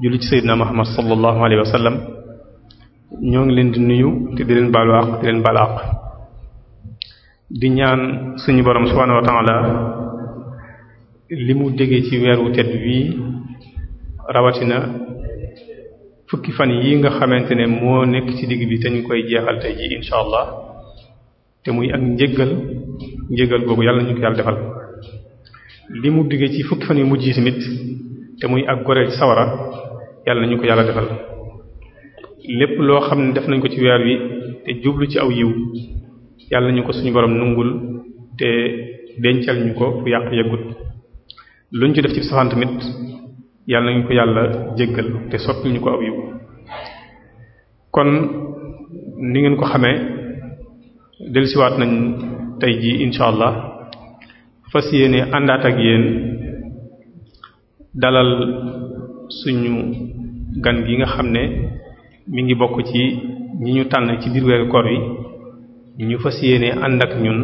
julli ci Seydina Muhammad sallallahu alayhi wa ñoo ngi leen di nuyu te di leen baalu di leen baalu di ñaan suñu borom subhaanahu wa ta'ala li mu déggee ci weeru tedd wi rawatina fukki fan yi nga xamante ne moo nekk ci digg bi te ñu koy jeexal tey ji incha allah te muy ak njëggal njëggal boobu yàlla ñu ko yàlla defal li mu digge ci fukki fan yu mujj yi tamit te muy ak goreel ci sawara yàlla ñu ko yàlla defal lépp loo xam ne def nañ ko ci weer wi te jublu ci aw yiw yàlla ñu ko suñu borom nungul te dencal ñu ko fu yàq yeggut luñ ci def ci safaan tamit yàlla nañu ko yàlla jéggal te sotti ñu ko aw yiw kon ni ngeen ko xamee dellusiwaat nañ tey jii incha allah fas yéene àndaat ak yéen dalal suñu gan gi nga xam ne mu ngi bokk ci ñi ñu tànn ci biir weeru koor yi ñu fas yéene ànd ak ñun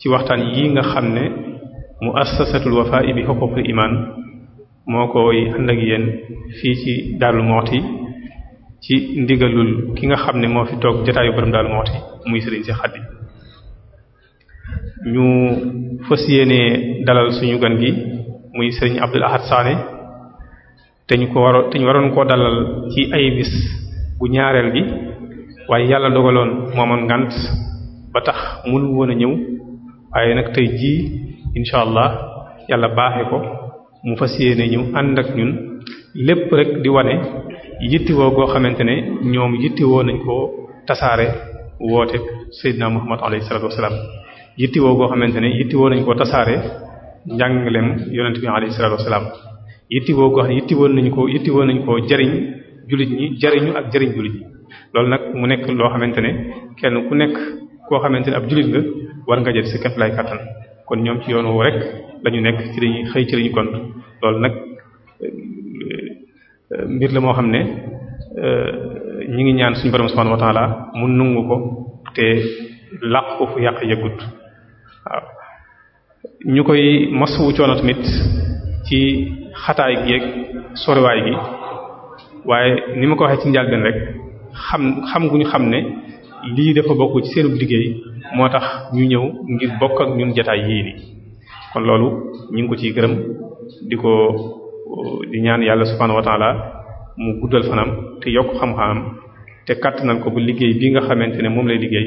ci waxtaan yi nga xam ne muassasatul Wafa'i bi huquqil iman moo koy ànd ak yéen fii ci Darou Moukhty ci ndigalul ki nga xam ne moo fi toog jotaayu borom Darou Moukhty muy Serigne Cheikh Khady ñu fas yéenee dalal suñu gan gi muy Serigne Abdoul Ahad Sané te ñu ko waro te ñu waroon koo dalal ci ay bis bu ñaareel gi waaye yàlla dogaloon moomoon ngant ba tax mënu woon a ñëw waaye nag tey jii incha allah yàlla baaxe ko. mu fas ne ñu ànd ak ñun lépp rek di wane yittewoo goo xamante ne ñoom yittewoo nañ ko tasaare woote Seydina Muhammad alayhi salaatu wasalaam yittewoo goo xamante ne yittewoo nañ ko tasaare njàngaleem yonent bi alayhi salaatu wasalaam yittewoo goo xam ne nañ ko yittewoo nañ ko jariñ jullit ñi jariñu ak jariñ jullit ñi loolu nag mu nekk loo xamante ne kenn ku nekk koo xamante ne ab jullit nga war nga jël si képp lay kàttan kon ñoom ci yoon woowu rek lañu nekk ci lañuy xëy ci lañuy gont loolu nag euh, mbir la moo xam ne euh, ñi ngi ñaan suñu borom subhanahu wa ta'ala mu nungu ko te làq ko fu yàq yëgut waaw ñu koy masawu coono tamit ci xataay gi ak soriwaay gi waaye ni ma ko waxee ci njàlbeen rek xam xam gu ñu xam ne lii dafa bokk ci seenu liggéey moo tax ñu ñëw ngir bokk ak ñun jataay yii ni kon loolu ñu ngi ko ciy gërëm di ko di ñaan yàlla subhaanahu wa mu guddal fanam te yokk xam-xamam te kàttanal ko bu liggéey bi nga xamante ne moom lay liggéey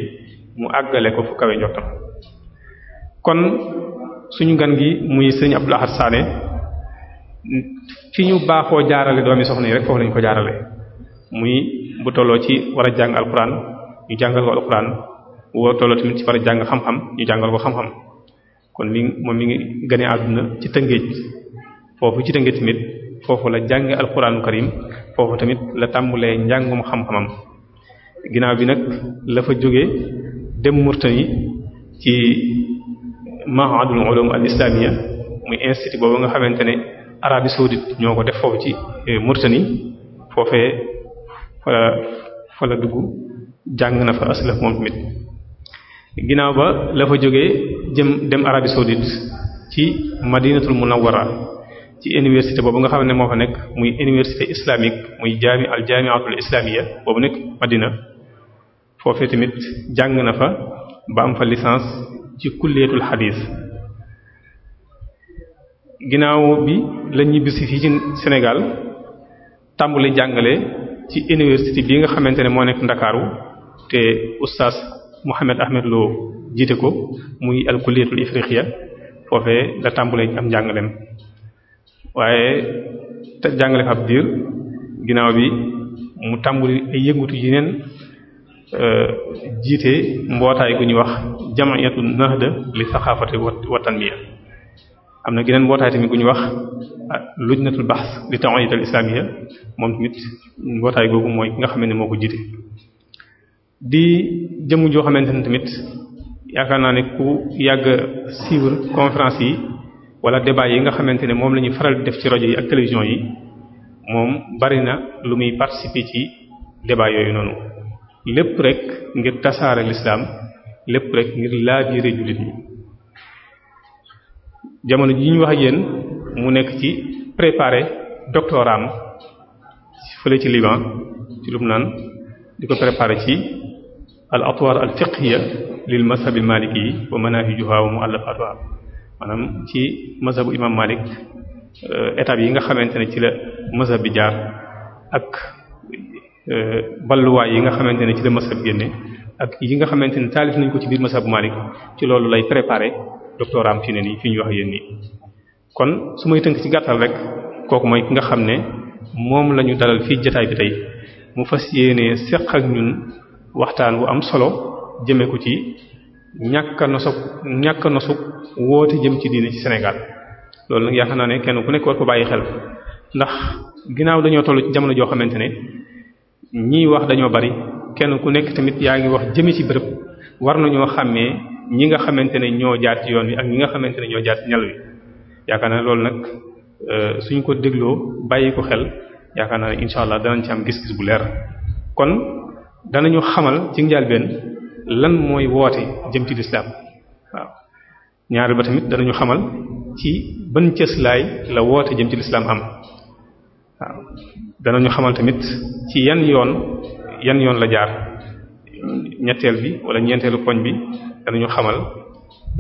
mu àggale ko fu kawe njottam kon suñu gan gi muy sëñ Abdou Ahad Sané fi ñu baaxoo jaarale doomi soxna yi rek foofu lañu ko jaarale muy bu tolloo ci war a jàng alquran ñu jàngal ko alquran woo tolloo tamit ci far jàng xam-xam ñu jàngal ko xam-xam kon mi moom mi ngi gane àdduna ci tëngéej foofu ci tëngéej tamit foofu la jànge alxuraanu karim foofu tamit la tàmbulee njàngum xam-xamam ginnaaw bi nag la fa jóge dem Murtani ci mahadul ulum al islamiyya muy institut boobu nga xamante ne Arabie saoudite ñoo ko def foofu ci eh, Murtani foofee fa la dugg jàng na fa aslaf moom tamit ginnaaw ba la fa jógee jëm dem Arabie saoudite ci madinatul munawwara ci université boobu nga xam ne moo fa nekk muy université islamique muy jaami al jaamiatul islamiyya boobu nekk madina foofee tamit jàng na fa ba am fa licence ci kulliyatul xadiis ginnaaw bi la ñibbisi fii ci Sénégal tàmbali jàngale ci université bi nga xamante ne moo nekk Ndakaaru te oustaz Mouhamed Ahmed loo jiite ko muy al kulliyatul ifriqiya foofee la tàmbalee am njàngaleem waaye te jàngale ab diir ginnaaw bi mu tàmbali ay yëngutu yeneen euh, jiite mbootaay gu ñuy wax jamaiyatu nahda li saxaafati wa tanmiya am na geneen mbootaay tamit gu ñuy wax ah, lujnatul bahs li tawiyatul islamiyya moom tamit mbootaay googu mooy nga xam ne moo ko jiite di jëmm joo xamante ne tamit yaakaar naa ne ku yàgg a suivre yi wala débat yi nga xamante ne moom la ñuy faral def ci rajo yi ak télévision yi moom bari na lu muy participer ci débat yooyu noonu lépp rek ngir tasaare l'islam lépp rek ngir laabiire jullit ñi jamono ji ñu wax ak yéen mu nekk ci préparer doctorat am fële ci Liban ci lum naan di ko préparer ci al atwaar al fiqhiya lil mazhab al maliki wa manaahijuha wa mu'allafatuha maanaam ci mazhabu imam Malik étapes yi nga xamante ne ci la mazhab bi jaar ak balluwaay yi nga xamante ne ci la mazhab génne ak yi nga xamante ne taalif nañ ko ci biir mazhabu Malik ci loolu lay préparer doctorat am fi ne nii fi ñu wax yéen nii kon su may tënk ci gàttal rek kooku mooy ki nga xam ne moom lañu ñu dalal fii jotaay bi tey mu fas yéenee seq ak ñun waxtaan wu am solo jëmee ko ci ñàkk a nosu ñàkk a nosu woote jëm ci diine ci Sénégal loolu nag yaakaar naa ne kenn ku nekk war ko bàyyi xel ndax ginnaaw dañoo toll ci jamono joo xamante ne ñiy wax dañoo bari kenn ku nekk tamit yaa ngi wax jëme ci bërëb war nañoo xàmmee ñi nga xamante ne ñoo jaar ci yoon wi ak ñi nga xamante ne ñoo jaar ci ñal wi yaakaar naa loolu nag euh, suñ ko dégloo bàyyi ko xel yaakaar naa ne incha allah danañ ci am gis-gis bu leer danañu xamal ci njàlbeen lan mooy woote jëm ci lislaam waaw ñaareel ba tamit danañu xamal ci ban cëslaay la woote jëm ci lislaam am waaw ñu xamal tamit ci yan yoon yan yoon la jaar ñetteel bi wala ñeenteelu poñ bi danañu xamal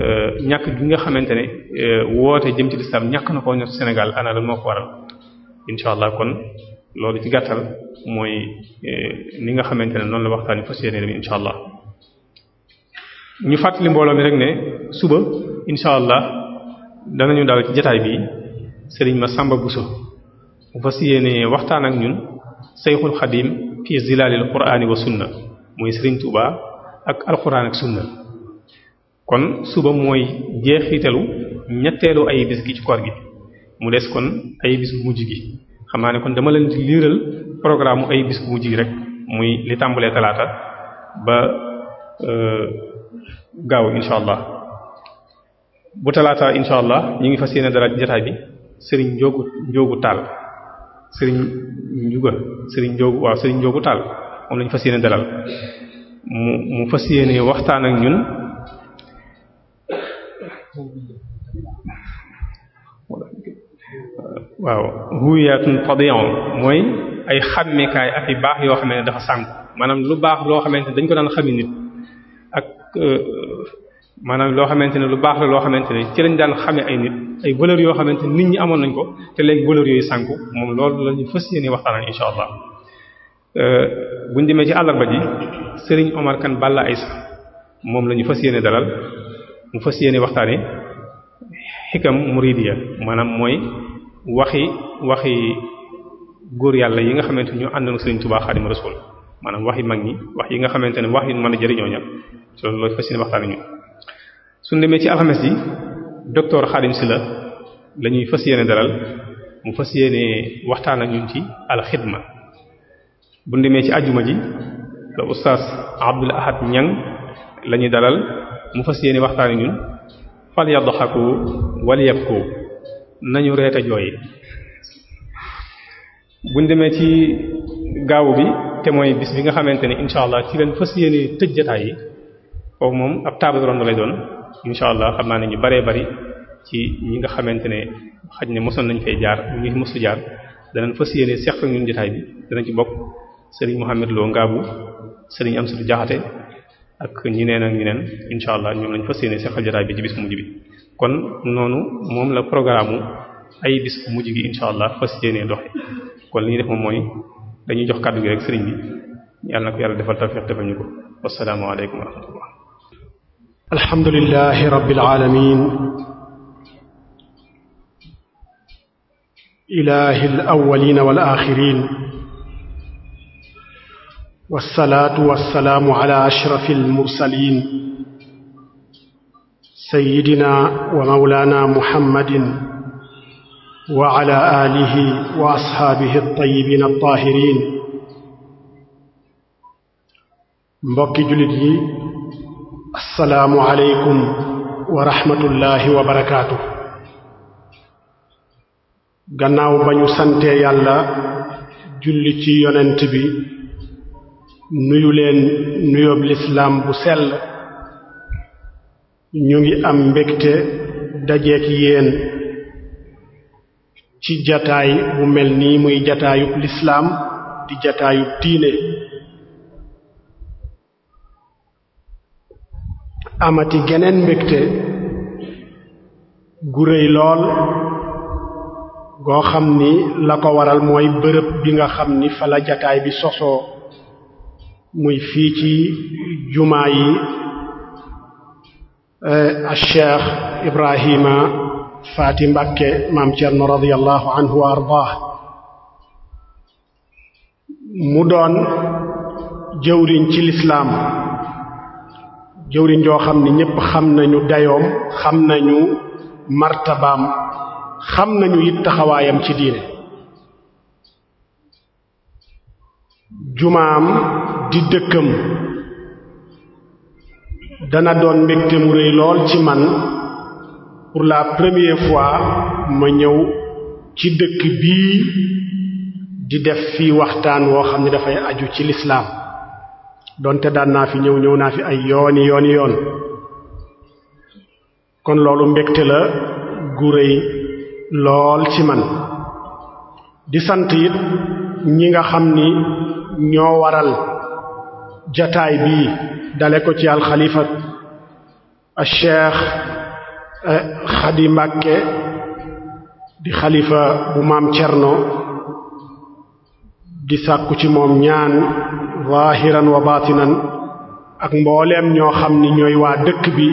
euh, ñàkk bi nga xamante ne euh, woote jëm ci lislaam ñàkk na koo ñor Sénégal ana lan moo ko waral incha allah kon loolu ci gàttal mooy eh, ni nga xamante ne noonu la waxtaan yi fas yéene dem incha allah ñu fàttali mbooloo mi rek ne suba incha allah danañu dal ci jataay bi sëriñ ma Samba Bousso mu fas yéene waxtaan ak ñun sayxul xadim fi zilalil qur'ani wa sunna mooy sëriñ Touba ak alquran ak sunna kon suba mooy jeexitalu ñetteelu ay bis gi ci koor gi mu des kon ay bis mujj gi xam naa ne kon dama leen liiral programme ay bis bu mujj rek muy li tàmbalee talaata ba euh, gaaw incha allah bu talaata incha allah ñu ngi fas yéene dara jotaay bi Serigne Ndiogu Ndiogu Tall Serigne Ndiouga Serigne Ndiogu waaw Serigne Ndiogu Tall moom lañu fas yéene dalal mu mu fas yéene waxtaan ak ñun. waaw huyaatun tabi'un mooy ay xàmmekaay ak yu baax yoo xam ne dafa sànku maanaam lu baax loo xamante ne dañ ko daan xami nit ak euh, maanaam loo xamante ne lu baax la loo xamante ne ci lañ daan xamee ay nit ay valeurs yoo xamante ne nit ñi amoon nañ ko te léegi valeurs yooyu sànku moom lool la ñu fas yéene waxtaan insha allah euh, buñ demee ci àllarba ji sëriñ Omar Kane Balla Aïssa moom la ñu fas yéene dalal mu fas yéene waxtaane xikam muridiya maanaam mooy waxi waxi góor yàlla yi nga xamante ñu àndoon Sëriñ Tuubaa Xaadimu Rasuul maanaam waxi mag ñi wax yi nga xamante ne wax yu mën a jëriñoo ña ci loolu loolu fas yéene waxtaan ñu suñu ci alxames yi docteur Xaadim Sylla la ñuy fas yéene dalal mu fas yéene waxtaan ak ñun ci alxidma bu ñu demee ci ajuma ji la oustaz Abdul Ahad Ñang la dalal mu fas yéene waxtaan ak ñun fal yadhaku nañu reeta jooy buñ demee ci gaaw bi te mooy bis bi nga xamante ne incha allah ci leen fas yéene tëj jotaay yi foofu moom ab table ronde lay doon incha allah xam naa ne ñu baree bari ci ñi nga xamante ne xaj ne mosoon nañ fay jaar ñu mosu jaar danañ fas yéene seq ak ñun jotaay bi danañ ci bokk Serigne Mohamed seriñ am Serigne Amsatu Jaxate ak ñu neen ak ñi neen incha allah ñoom lañ fas yéene seqal jotaay bi ci bis mu mujj bi kon noonu moom la programme ay bis bu mujj gi incha allah fas yéenee doxe kon li ñuy def moom mooy dañuy jox kàddu gi rek sëriñ bi yàlla na ko yàlla defal tawfiq defal ñu ko wassalaamu aleykum wa rahmatullah alhamdulillahi rabbil alamin ilahil awwalin wal axirin wassalatu wassalaamu ala ashrafil mursalin sayyidina wa mawlaana muhammadin wa ala aalihi wa asxaabihi at-tayyibiina at-taahiriin mbokki jullit yi asalaamu aleykum wa rahmatullahi wa barakaatu gannaaw ba ñu santee yàlla julli ci yonent bi nuyu leen nuyoob lislaam bu sell ñu ngi am mbégte dajeek yéen ci jataay bu mel nii muy jataayub lislaam di jataayub diine amati geneen mbégte gu rëy lool goo xam ni la ko waral mooy bërëb bi nga xam ni fala jataay bi sosoo muy fii ci jumaa yi Eh, a cheikh Ibrahima Faati Mbàkke maam Cerno radiyallahu ardaah mu doon jëwriñ ci lislaam jëwriñ joo xam ni ñépp xam nañu dayoom xam nañu martabaam xam nañu it taxawaayam ci diine jumaam di dëkkam dana doon mbégte mu rëy lool ci man pour la premier fois ma ñëw ci dëkk bii di def fii waxtaan woo xam ne dafay aju ci lislaam donte daan naa fi ñëw ñëw naa fi ay yooni yooni yoon kon loolu mbégte la gu rëy lool ci man di sant it ñi nga xam ni ñoo waral jataay bii dale ko ci alxalifa al cheikh eh, Xadi Mbàkke di xalifa bu maam Cerno di sàkku ci moom ñaan zahiran wa batinan ak mbooleem ñoo xam ni ñooy waa dëkk bi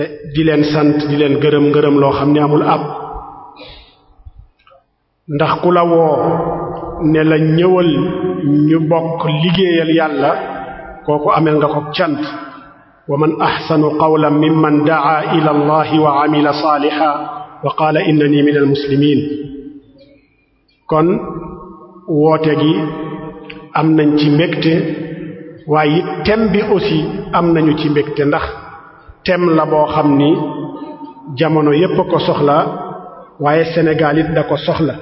eh, di leen sant di leen gërëm gërëm loo xam ni amul ab ndax ku la woo ne la ñëwal ñu bokk liggéeyal yàlla kooku amel nga ko cant wa man axsanu qawlan mimman daa ila allahi wa amila saalihan wa qaala innani min almuslimin kon woote gi am nañ ci mbégte waaye thème bi aussi am nañu ci mbégte ndax tem la boo xam ni jamono yépp ko soxla waaye Sénégal da ko soxla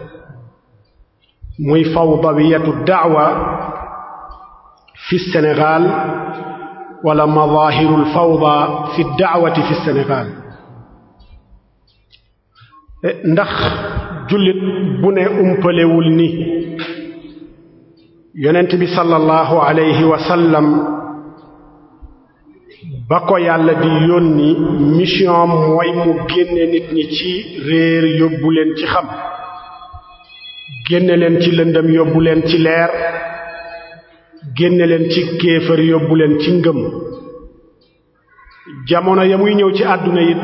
muy fawdawiyatu daawa fi Sénégal wala mazahirul fawda fi daawati fi Sénégal eh, ndax jullit bu ne umpalewul ni yonent bi sallallahu alayhi wa sallam ba ko yàlla di yónni mission mooy mu génne nit ñi ci réer yóbbu leen ci xam génne leen ci lëndam yóbbu leen ci leer génne leen ci kéefër yóbbu leen ci ngëm jamono ya muy ñëw ci àdduna yi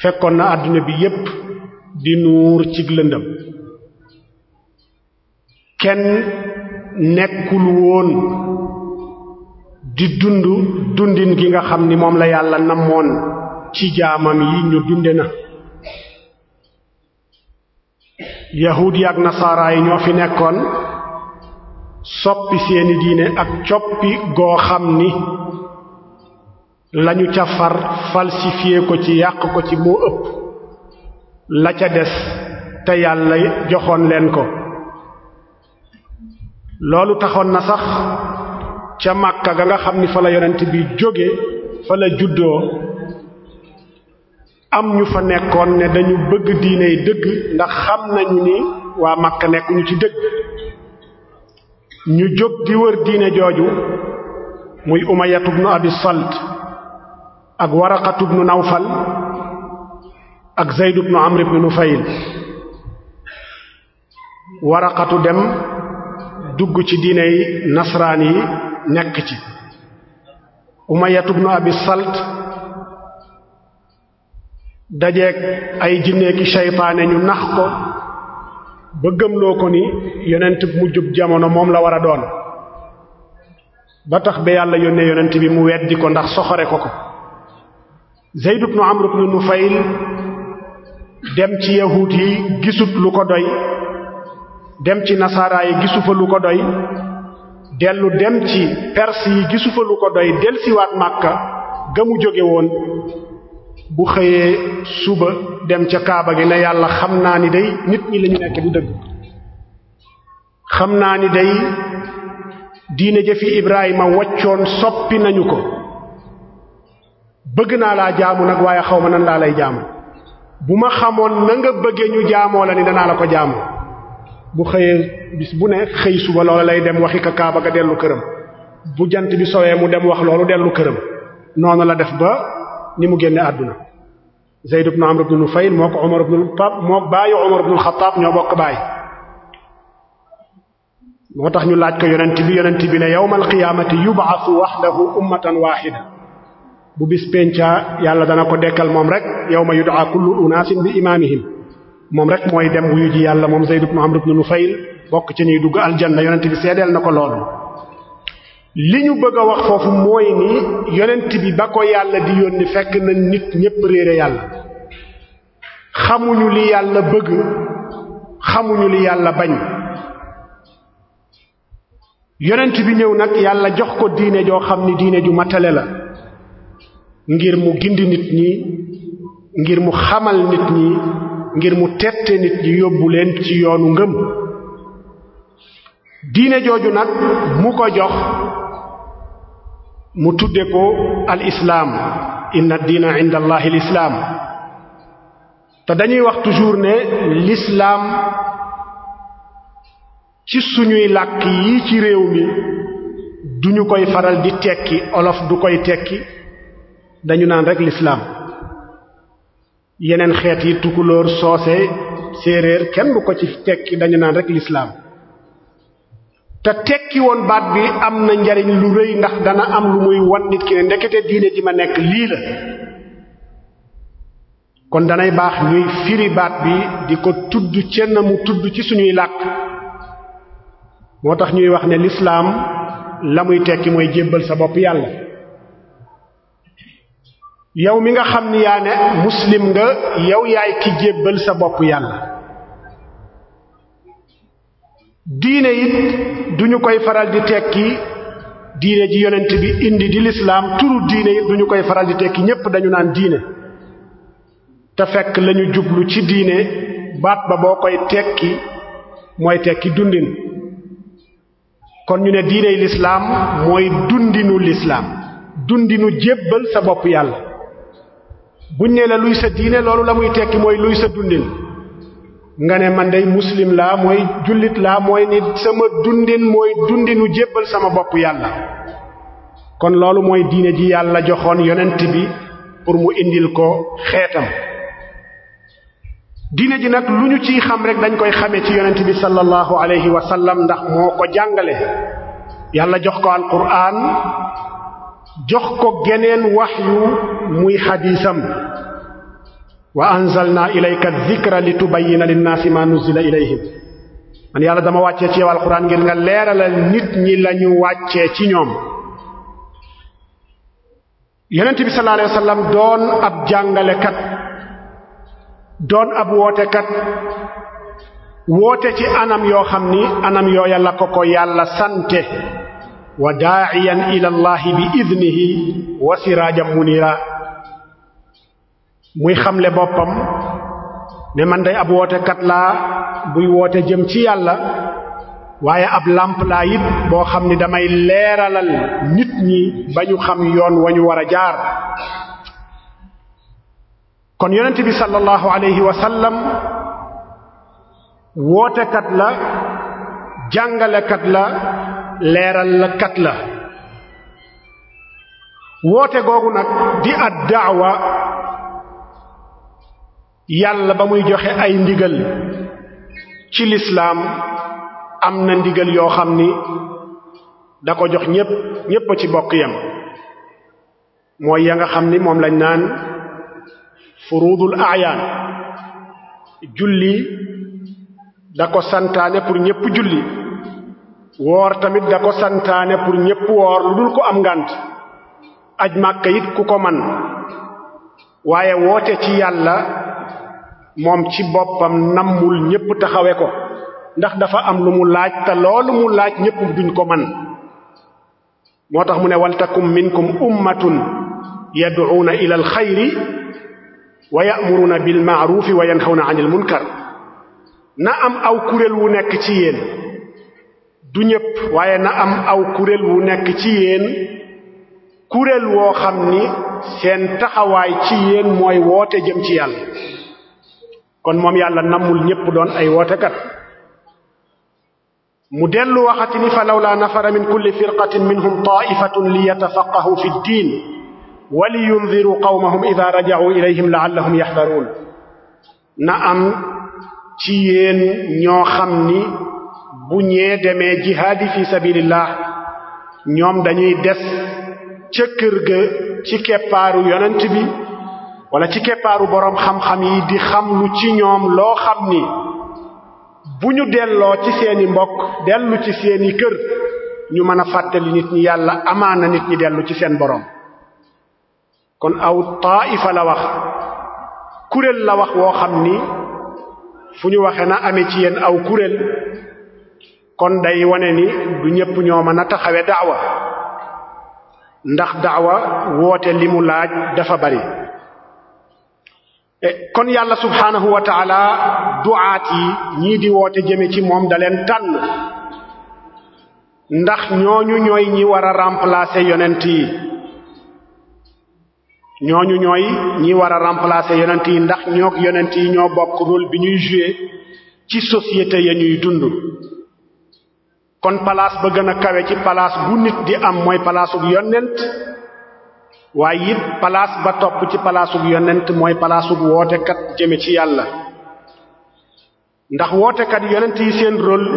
fekkoon na àdduna bi yépp di nuur cig lëndëm kenn nekkul woon di dund dundin gi nga xam ni moom la yàlla namoon ci jaamam yi ñu dunde na yahuud yi ak nasaara ñoo fi nekkoon soppi seeni diine ak coppi goo xam ni lañu ca far falsifié ko ci yàq ko ci moo ëpp la ca des te yàlla joxoon leen ko loolu taxoon na sax ca Makka ga nga xam ni fa la yonent bi jóge fa la juddoo am ñu fa nekkoon ne dañu bëgg diiney dëgg ndax xam nañu ni waa Makka nekkuñu ci dëgg ñu jóg di wër diine jooju muy umayatu bnu abi salt ak waraqatu bnu nawfal ak zaydu bnu amri bnu nufayl waraqatu dem dugg ci diiney nasraan yi nekk ci umayatu bnu abi salt dajeeg ay jinneeki seytaane ñu nax ko ba gëmloo ko ni yonent mu jub jamono moom la war a doon ba tax ba yàlla yónnee yonent bi mu weddi ko ndax soxore ko ko Zayd ibn Amr ibn Nufayl dem ci yahuut yi gisut lu ko doy dem ci nasaara yi gisu fa lu ko doy dellu dem ci perse yi gisu fa lu ko doy delsiwaat màkka ga mu jóge woon bu xëyee suba dem ca kaaba gi ne yàlla xam naa ni day nit ñi lañu nekk du dëgg xam naa ni day diine jëfi Ibrahima waccoon soppi nañu ko bëgg naa laa jaamu nag waaye xaw ma nan laa lay jaamu bu ma xamoon na nga bëggee ñu jaamoo la ni danaa la ko jaamu bu xëyee bis bu ne xëy suba loola lay dem waxi ka kaaba ga dellu këram bu jant bi soowee mu dem wax loolu dellu këram noonu la def ba ni mu génne àdduna Zayd ibn Amr ibn Nufayl moo ko Umar ibn al-Khattab moo baay moo tax ñu laaj ko yonent bi yonent bi ne yawmal qiyaamati yub'athu wahdahu ummatan waahida bu bis penca yàlla dana ko dekkal moom rek yawma yud'a kullu unaasin bi imaamihim moom rek mooy dem wuyu ji yàlla moom Zayd ibn Amr ibn Nufayl bokk ci ñuy dugg aljanna yonent bi seedeel na ko loolu li ñu bëgg wax foofu mooy ni yonent bi ba ko yàlla di yónni fekk na nit ñépp réere yàlla xamuñu li yàlla bëgg xamuñu li yàlla bañ yonent bi ñëw nag yàlla jox ko diine joo xam ni diine ju matale la ngir mu gindi nit ñi ngir mu xamal nit ñi ngir mu tette nit ñi yóbbu leen ci yoonu ngëm diine jooju nag mu ko jox mu tudde ko al islaam inna diina inda allahi al islaam te dañuy wax toujours ne l'islaam ci suñuy làkk yi ci réew mi duñu koy faral di tekki olof du koy tekki dañu naan rek l'islaam yeneen xeet yi tukulóor soose séeréer kenn du ko ci tekki dañu naan rekk l'islaam te tekki woon baat bi am na njariñ lu rëy ndax dana am lu muy wan nit ki ne ndekete diine ji ma nekk lii la kon danay baax ñuy firi baat bi di ko tudd cenn mu tudd ci suñuy làkk moo tax ñuy wax ne lislaam la muy tekki mooy jébbal sa bopp yàlla yow mi nga xam ni yaa ne muslim nga yow yaay ki jébbal sa bopp yàlla diine it duñu koy faral di tekki diine ji yonent bi indi di lislaam turu diine it duñu koy faral di tekki ñépp dañu naan diine te fekk lañu jublu ci diine baat ba boo koy tekki mooy tekki dundin kon ñu ne diiney lislaam mooy dundinu lislaam dundinu jébbal sa bopp yàlla buñ ne la luy sa diine loolu la muy tekki mooy luy sa dundin nga ne man day muslim laa mooy jullit laa mooy ni sama dundin mooy dundinu jébbal sama bopp yàlla kon loolu mooy diine ji yàlla joxoon yonent bi pour mu indil ko xeetam diine ji nag lu ñu ciy xam rek dañ koy xame ci yonent bi sallallahu alayhi wa ndax moo ko jàngale yàlla jox ko alquran jox ko geneen waxyu muy xadiisam waa anzalna ilayka dhikra litubayyina linnaasi ma nuzila ilayhim man yàlla dama wàccee ci yow alxuraan ngir nga leeralal nit ñi lañu wàccee ci ñoom yonent bi sallallahu doon ab jàngalekat doon ab wootekat woote ci anam yoo xam ni anam yooya la ko ko yàlla sante wa daa'iyan ila allahi bi idnihi wa siraajan muy xamle boppam ne man day ab woote kat la buy woote jëm ci yàlla waaye ab làmp laa it boo xam ni damay leeralal nit ñi ba ñu xam yoon wa ñu war a jaar kon yonent bi sallallahu alayhi wa sallam wootekat la jàngalekat la leeral leeralkat la woote googu nag di ad daawa yàlla ba muy joxe ay ndigal ci lislaam am na ndigal yoo xam ni da ko jox ñépp ñépp ci bokk yam mooy ya nga xam ni moom lañ naan furudul aayaan julli da ko santaane pour ñépp julli woor tamit da ko santaane pour ñépp woor lu dul ko am ngànt aj màkka it ku ko man waaye woote ci yàlla moom ci boppam nammul ñépp taxawe ko ndax dafa am lu mu laaj te loolu mu laaj ñépp duñ ko man moo tax mu ne waltakum minkum ummatun yad'una ila alxayri wa ya'muruna bil ma'rufi wa yanhawna 'anil munkar na am aw kuréel wu nekk ci yéen du ñépp waaye na am aw kuréel wu nekk ci yéen kuréel woo xam ni seen taxawaay ci yéen mooy woote jëm ci yàlla kon moom yàlla nammul ñépp doon ay wootekat mu dellu waxati ni fa lawla nafara min kulli firqatin minhum taifatun li yatafaqahu fi ddin wa li yundiru qawmahum ida raja'u ilayhim la'allahum yaxdaruun na am ci yéen ñoo xam ni bu ñee demee jihaadi fi sabilillah ñoom dañuy des ca kër ci keppaaru yonent bi wala ci keppaaru boroom xam-xam yi di xam lu ci ñoom loo xam ni bu ñu delloo ci seeni mbokk dellu ci seeni kër ñu mën a fàttali nit ñi yàlla amaana nit ñi dellu ci seen boroom kon aw taifa la wax kuréel la wax woo xam ni fu ñu waxe na amee ci yéen aw kuréel kon day wane ni du ñépp ñoo mën a da daawa ndax daawa woote li mu laaj dafa bari Eh, kon yàlla subhaanahu wa taala duaat yi ñii di woote jëme ci moom daleen leen tànn ndax ñooñu ñooy ñi war a remplacer yonent yi ñu ñooy ñi war a remplacer yonent yi ndax ñoog yonent yi ñoo bokk bi ñuy jouer ci société ya ñuy dund kon place ba gën a kawe ci palaas bu nit di am mooy place yonent waaye it palaas ba topp ci palaasub yonent mooy palaasub wootekat jëme ci yàlla ndax wootekat yonent yi seen rôle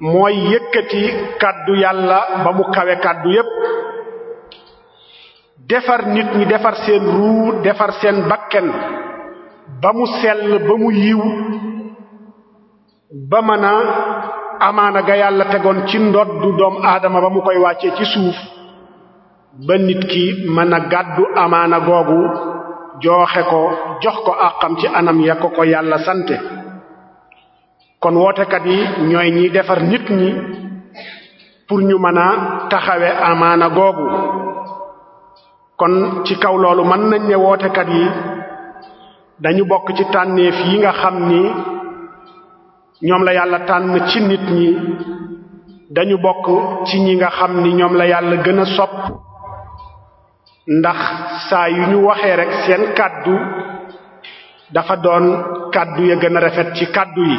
mooy yëkkati kàddu yàlla ba mu kawe kàddu yépp defar nit ñi defar seen ruu defar seen bakken ba mu sell ba mu yiw ba mën a amaana ga yàlla tegoon ci ndoot ndoddu doom aadama ba mu koy wàccee ci suuf ba nit ki mën a gàddu amaana googu jooxe ko jox ko àqam ci anam ya ko ko yàlla sante kon wootekat yi ñooy ñiy defar nit ñi pour ñu mën a taxawe amaana googu kon ci kaw loolu mën nañ ne wootekat yi dañu bokk ci tànneef yi nga xam ni ñoom la yàlla tànn ci nit ñi dañu bokk ci ñi nga xam ni ñoom la yàlla gën a sopp ndax saa yu ñu waxee rek seen kàddu dafa doon kàddu ya gën a rafet ci kàddu yi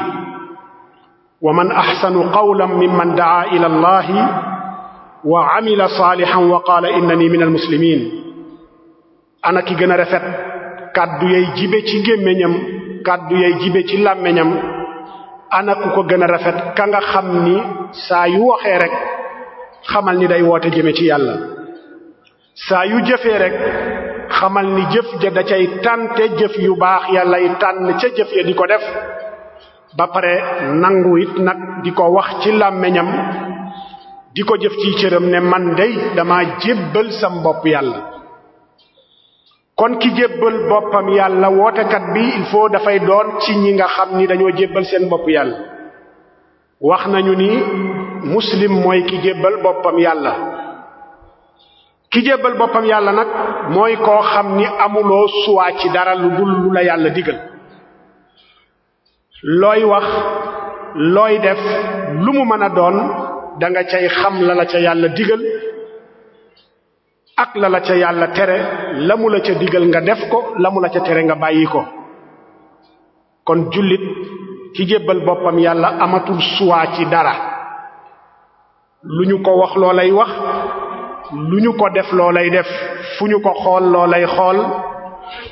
wa man axsanu qawlan man daa ila allahi wa amila saalihan wa qaala innani min almuslimin ana yi gën a rafet kàddu yay jibe ci gémmiñam kàddu yay jibe ci làmmiñam ana ku ko gën a rafet ka nga xam ni saa yu waxee rek xamal ni day woote jëme ci yàlla saa yu jëfee rek xamal ni jëf ja da cay tànte jëf yu baax ya lay tànn ca jëf ya di ko def ba pare nangu it nag di ko wax ci làmmiñam di ko jëf ci cëram ne man dey dama jébbal sam bopp yàlla kon ki jébbal boppam yàlla wootekat bi il faut dafay doon ci ñi nga xam ni dañoo jébbal seen bopp yàlla wax nañu ni muslim mooy ki jébbal boppam yàlla ki jébbal boppam yàlla nag mooy koo xam ni amuloo suwaa ci dara lu dul lu la yàlla digal looy wax looy def lu mu mën a doon danga nga cay xam la la ca yàlla diggal ak la la ca yàlla tere la mu la ca digal nga def ko la mu la ca tere nga bàyyi ko kon jullit ki jébbal boppam yàlla amatul suwaa ci dara lu ñu ko wax loo lay wax lu ñu ko def loo lay def fu ñu ko xool loo lay xool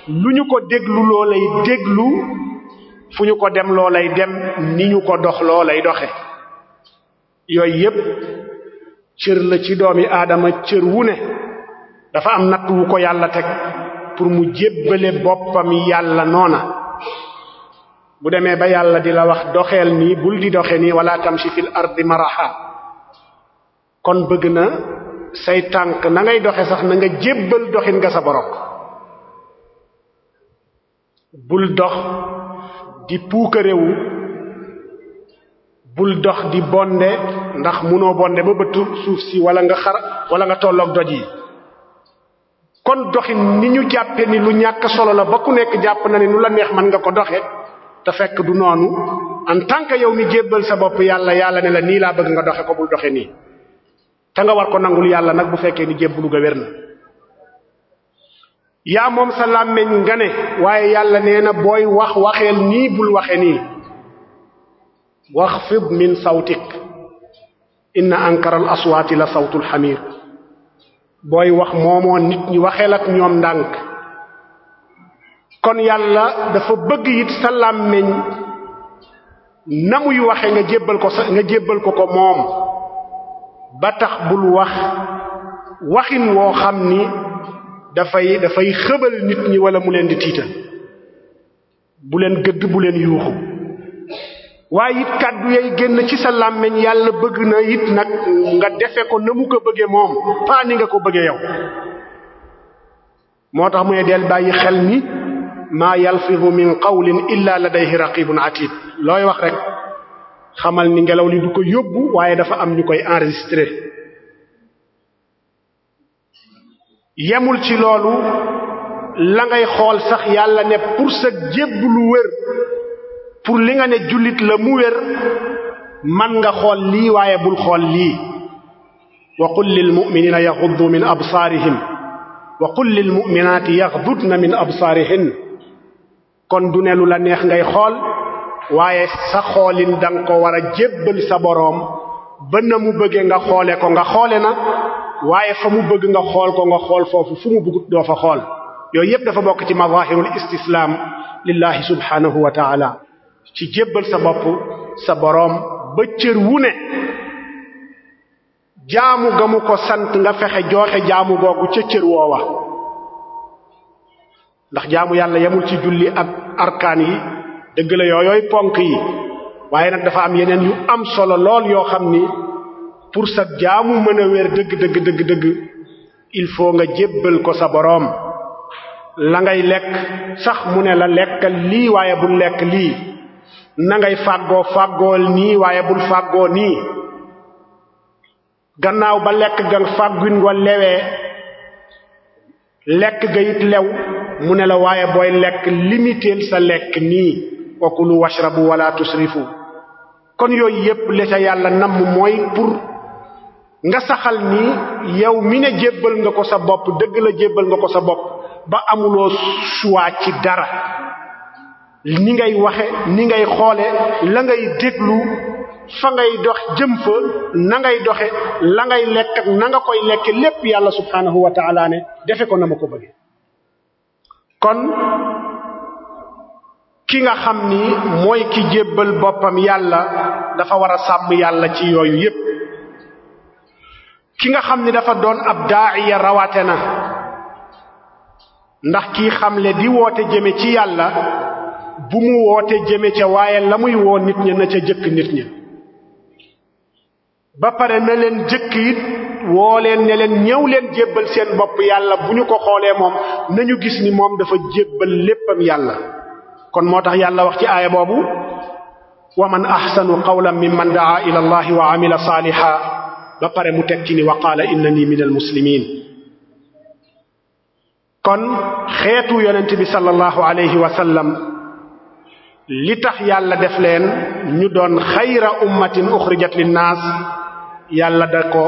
lu ñu ko déglu loo lay déglu fu ñu ko dem loo lay dem ni ñu ko dox loo lay doxe yooyu yépp cër la ci doomi aadama cër wu ne dafa am natt wu ko yàlla teg pour mu jébbale boppam yàlla noona bu demee ba yàlla di la wax doxeel nii bul di doxe nii wala tamshi fil ardi maraha kon bëgg na say tànk nangay ngay doxe sax na nga jébbal doxin nga sa borom bul dox di puukarewu bul dox di bonde ndax munoo bonde ba bëtt suuf si wala nga xar wala nga tolloog doj yi kon doxin ni ñu jàppe ni lu ñàkk solo la ba ku nekk jàpp na ne nu la neex mën nga ko doxe te fekk du noonu en tant que yow mi jébbal sa bopp yàlla yàlla ne la nii laa bëgg nga doxe ko bul doxe nii te nga war ko nangul yàlla nag bu fekkee ni jébbalu ga wér na yaa moom sa làmmiñ nga ne waaye yàlla nee na booy wax waxeel nii bul waxe nii waxfid min sawtik inna ankara aswaati la sawtul xamir booy wax moomoo nit ñi waxeel ak ñoom ndànk kon yàlla dafa bëgg yit sa làmmiñ na muy waxe nga jébbal ko sa nga jébbal ko ko moom ba tax bul wax waxin woo xam ni dafay dafay xëbal nit ñi wala mu leen di tiital bu leen gëdd bu leen yuuxu waaye it kàddu yay génn ci sa làmmiñ yàlla bëgg na it nag nga defe ko na mu ko bëgge moom faa ni nga ko bëgge yow moo tax mu ne del bàyyi xel ni maa yalfizu min qawlin illa ladayhi raqibun atid looy wax rek xamal ni ngelaw li du ko yóbbu waaye dafa am ñu koy enregistrer yemul ci loolu la ngay xool sax yàlla ne pour sa jébb lu wér pour li nga ne jullit la mu wér man nga xool lii waaye bul xool lii wa qul lil mu'minina yaghuddu min absaarihim wa qul lil mu'minaati na min absaarihin kon du ne lu la neex ngay xool waaye sa xoolin da nga ko war a jébbal sa boroom ba na mu bëggee nga xoole ko nga xoole na waaye fa mu bëgg nga xool ko nga xool foofu fu mu bëgg doo fa xool yooyu yëpp dafa bokk ci mazahirul istislaam lillahi subhanahu wa taala ci jébbal sa bopp sa boroom ba cër wu ne jaamu ga mu ko sant nga fexe joxe jaamu googu ca cër woowa ndax jaamu yàlla yemul ci julli ak arkaan yi dëgg la yooyooy ponk yi waaye nag dafa am yeneen yu am solo lool yoo xam ni pour sa jaamu mën a wér dëgg dëgg dëgg il faut nga jébbal ko sa boroom la ngay lekk sax mu ne la lekkal lii waaye bul lekk lii na ngay fàggoo fàggoo nii waaye bul fàggoo nii gannaaw ba lekk ga fàgguin nga lewee lekk ga it lew mu ne la waaye booy lekk limiteel sa lekk nii wa kulu washrabu wala tusrifu kon yooyu yépp la ca yàlla namm mooy pour nga saxal ni yow mi ne jébbal nga ko sa bopp dëgg la jébbal nga ko sa bopp ba amuloo choix ci dara ni ngay waxe ni ngay xoole la ngay déglu fa ngay dox jëm fa na ngay doxe la ngay lekk na nga koy lekke lépp yàlla subhaanahu wa taala ne defe ko na ma ko bëgge kon ki nga xam ni mooy ki jébbal boppam yàlla dafa war a sàmm yàlla ci yooyu yépp ki nga xam ni dafa doon ab daaya rawate na ndax kii xamle di woote jëme ci yàlla bu mu woote jëme ca waaye la muy woo nit ña na ca jëkk nit ña ba pare na leen jëkk it woo leen ne leen ñëw leen jébbal seen bopp yàlla bu ñu ko xoolee moom nañu gis ni moom dafa jébbal léppam yàlla kon moo tax yàlla wax ci aaya boobu wa man ahsanu qawlan mimman daa ila wa amila saaliha ba mu teg ci ni wa qaala innani minal muslimin kon xeetu yonent bi sallallahu alayhi wa li tax yàlla def leen ñu doon xayra ummatin uxrijat linnaas yàlla da ko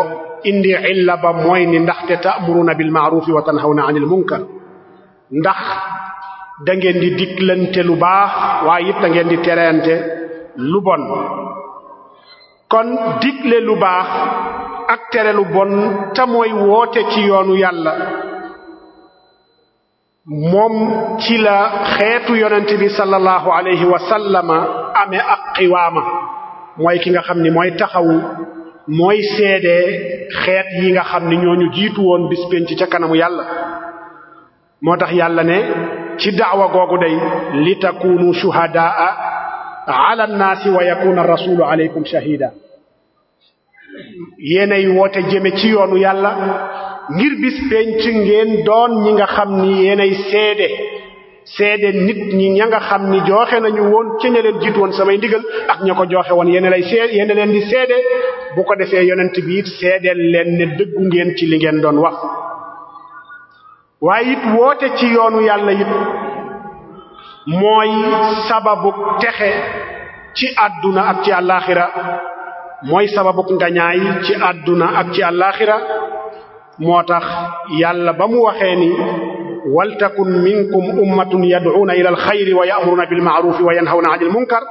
indi illa ba mooy ni ndaxte ta'muruna bil ma'ruf wa tanhawna 'anil munkar ndax dangeen di diglante lu baax waaye it da ngeen di tereente lu bon kon digle lu baax ak tere lu bon te mooy woote ci yoonu yàlla moom ci la xeetu yonent bi sallallahu alayhi wa sallama amee ak qiwaama mooy ki nga xam ni mooy taxawu mooy seede xeet yi nga xam ni ñooñu jiitu woon bis penc ca kanamu yàlla moo tax yàlla ne ci daawa googu day li takunu shuhadaa ala nnaasi wa yakuna rasulu aleykum shahida yéenay woote jëme ci yoonu yàlla ngir bis penc ngeen doon ñi nga xam ni ay seede seede nit ñi ña nga xam ni jooxe nañu woon ci ña leen jiit woon samay ndigal ak ña ko jooxe woon yéen lay seede yéen leen di seede bu ko defee yonent bi it seedeel leen ne dëggu ngeen ci li ngeen doon wax waaye it woote ci yoonu yàlla it mooy sababu texe ci àdduna ak ci àllaaxira mooy sababu ngañaay ci àdduna ak ci àllaaxira moo tax yàlla ba mu waxee ni waltakun minkum ummatun yad'una ila alxayri wa ya'muruna bil ma'rufi wa yanhawna 'anil munkar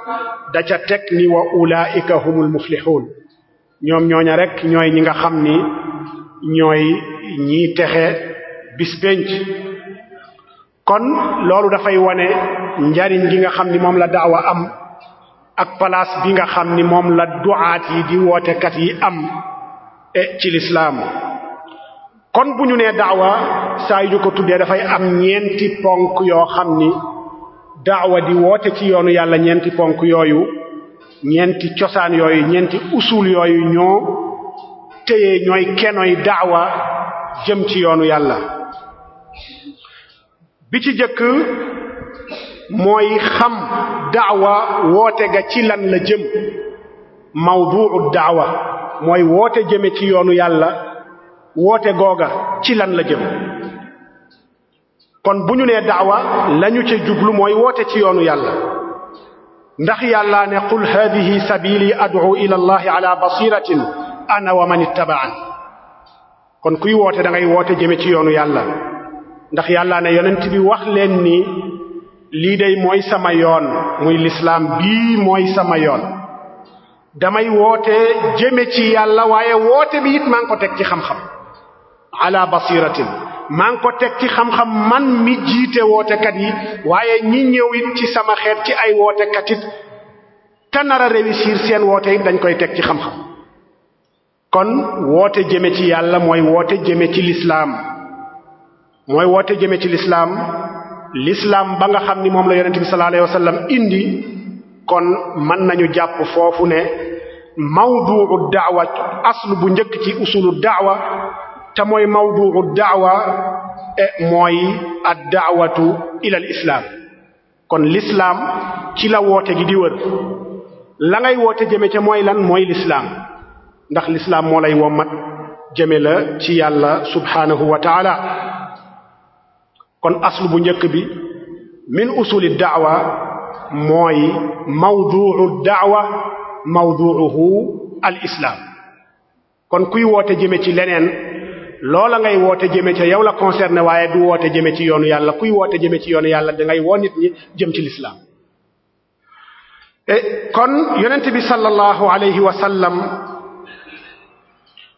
da ca teg ni wa ulaa'ika humul muflihun ñoom ñooña rek ñooy ñi nga xam ni ñooy ñiy texe bis pénc kon loolu dafay wane njariñ gi nga xam ni moom la daawa am ak palaas bi nga xam ni moom la duaat yi di wootekat yi am e ci lislaam kon bu ñu nee daawa saa yu ñu ko tuddee dafay am ñeenti ponk yoo xam ni daawa di woote ci yoonu yàlla ñeenti ponk yooyu ñeenti cosaan yooyu ñeenti usul yooyu ñoo téye ñooy kenoy daawa jëm ci yoonu yàlla bi ci jëkk mooy xam daawa woote ga ci lan la jëm mawdu'u daawa mooy woote jëme ci yoonu yàlla woote googa ci lan la jëm kon bu ñu nee daawa lañu ca jublu mooy woote ci yoonu yàlla ndax yàlla ne qul haadihi sabili ad'u ila allahi ala basiratin ana wa man kon kuy woote dangay woote jëme ci yoonu yàlla ndax yàllaa na yonent bi wax leen ni lii day mooy sama yoon muy lislaam bii mooy sama yoon damay woote jëme ci yàlla waaye woote bi it maa ngi ko teg ci xam-xam ala basiratin maa ngi ko teg ci xam-xam man mi jiite wootekat yi waaye ñi ñëw it ci sama xeet ci ay wootekat it te nar a réussir seen woote it dañ koy teg ci xam-xam kon woote jëme ci yàlla mooy woote jëme ci lislaam mooy woote jëmee ci lislaam lislaam ba nga xam ni moom la yonent bi sallallahu alayhi wasallam indi kon mën nañu jàpp foofu ne mawdu'u da'wa aslu bu njëkk ci usulu da'wa te mooy mawdu'u da'wa e mooy ad-da'watu ila al kon lislaam ci la woote gi di wër la ngay woote jëme ca mooy lan mooy lislaam ndax lislaam moo lay wommat jëme la ci yàlla subhaanahu wa ta'ala kon aslu bu njëkk bi min usuli daawa mooy mawdu'u daawa mawdu'uhu al islam kon kuy woote jëme ci leneen loola ngay woote jëme ca yow la concerné waaye du woote jëme ci yoonu yàlla kuy woote jëme ci yoonu yàlla dangay woo nit ñi jëm ci lislaam eh, kon yonent bi sallallahu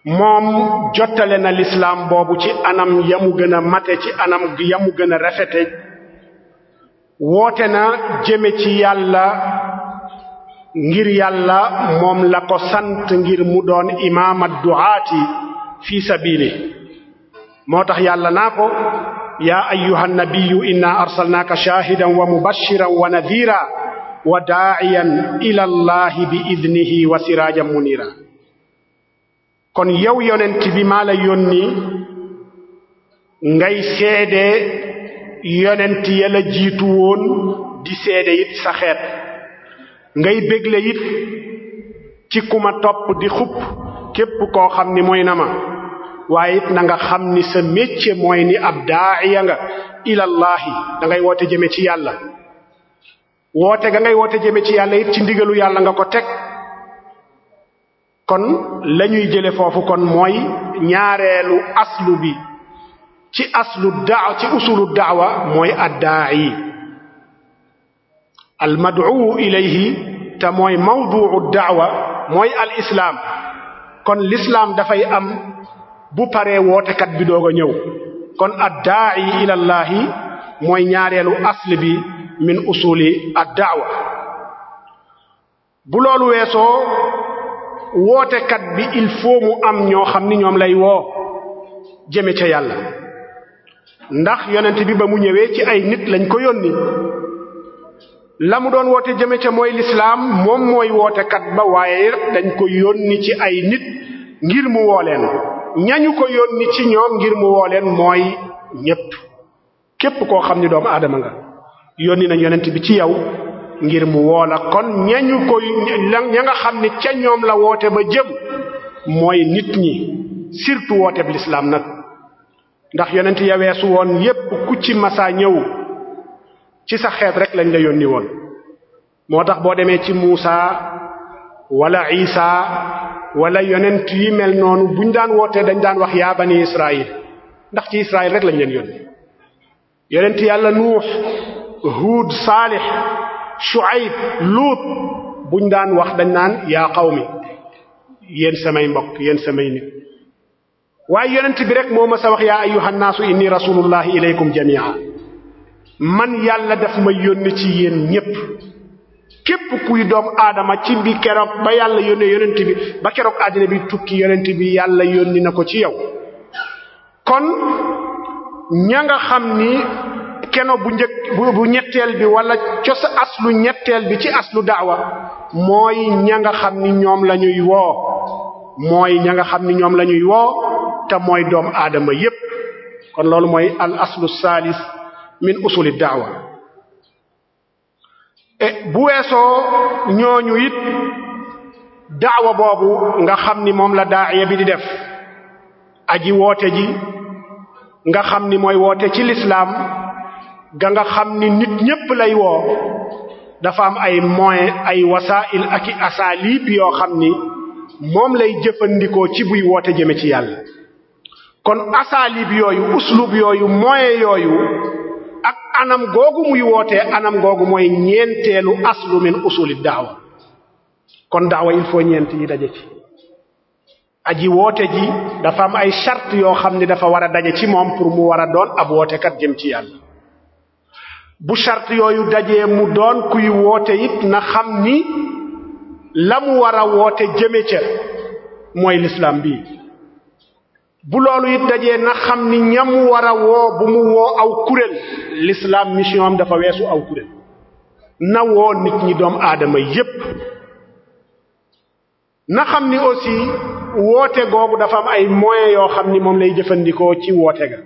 moom jottale na lislaam boobu ci anam yamu gën a mate ci anam yamu gën a rafete woote na jëme ci yàlla ngir yàlla moom la ko sant ngir mu doon imaama duaati fi sabili moo tax yàlla naa ko yaa ayyuhan nabiyyu inna arsalnaaka shaahidan wa mubashiran wa nadhiira wa daa'iyan ila allahi bi idnihi wa siraajan muniira kon yow yonent bi maa la yónni ngay seede yonent ya la jiitu woon di seede it sa xeet ngay bégle it ci ku ma topp di xupp képp koo xam ni mooy na ma waaye it na nga xam ni sa métier mooy ni ab daa'iya nga ilallaahi da ngay woote jëme ci yàlla woote ga ngay woote jëme ci yàlla it ci ndigalu yàlla nga ko teg kon lañuy jële foofu kon mooy ñaareelu aslu bi ci aslu da ci usulu daawa mooy addaa'i almad'u ilayhi te mooy mawdu'u daawa mooy al islaam kon l'islaam dafay am bu paree wootekat bi ñëw kon addaa'i ilallaahi mooy ñaareelu aslu bi min usuli ad bu loolu weesoo wootekat bi il faut mu am ñoo xam ni ñoom lay woo jëme ca yàlla ndax yonent bi ba mu ñëwee ci ay nit lañ ko yónni la mu doon woote jëme ca mooy lislaam moom mooy wootekat ba waaye dañ ko yónni ci ay nit ngir mu woo leen ñañu ko yónni ci ñoom ngir mu woo leen mooy ñépp képp koo xam ni doomu aadama nga yónni nañ yonent bi ci yow ngir mu woo la kon ñañu koy ña nga xam ne ca ñoom la woote ba jëm mooy nit ñi surtout woote lislaam nag ndax yonent ya woon yépp ku ci masaa ñëw ci sa xeet rek lañ la yónni woon moo tax boo demee ci Muusa wala Isa wala yonent yi mel noonu buñ daan wootee dañ daan wax yaa bani Israil ndax ci Israil rek lañ leen yónni yonent yàlla Nuux Huud Saalix Shuayb bu ñu daan wax dañ naan yaa qawmi yéen samay mbokk yéen samay nit waaye yonent bi rek moo ma sa wax yaa ayyuhan naasu inni rasulullahi ilaykum jami'a man yàlla def ma yónni ci yéen ñépp képp kuy doom aadama ci bi keroog ba yàlla yónnee yonent ba keroog àddina bi tukki yonent bi yàlla yónni na ko ci yow kon ña nga xam ni keno bu njëkk ñetteel bi wala cos aslu ñetteel bi ci aslu daawa mooy ña nga xam ni ñoom la ñuy woo mooy ña nga xam ni ñoom la ñuy woo te mooy doom aadama yépp kon loolu mooy al aslu saalis min usuli daawa e bu weesoo ñooñu it daawa boobu nga xam ni moom la daaya bi di def aji woote ji nga xam ni mooy woote ci lislaam ga nga xam ni nit ñépp lay woo dafa am ay moye ay wasaa'il ak i asaalib yoo xam ni moom lay jëfandikoo ci buy woote jëme ci yàlla kon asaalib yooyu uslub yooyu moyen yooyu ak anam googu muy wootee anam googu mooy ñeenteelu aslu min usuli daawa kon daawa il faut ñeent yi daje ci aji woote ji dafa am ay charte yoo xam ni dafa war a daje ci moom pour mu war a doon ab wootekat jëm ci yàlla bu charte yooyu dajee mu doon kuy woote yit na xam ni la mu war woote jëme ca mooy lislaam bi bu loolu it dajee na xam ni ñam war a woo bu mu woo aw kuréel lislaam mission dafa weesu aw kuréel na woo nit ñi doom aadama yépp na xam ni aussi woote googu dafa am ay moyens yoo xam ni moom lay jëfandikoo ci woote ga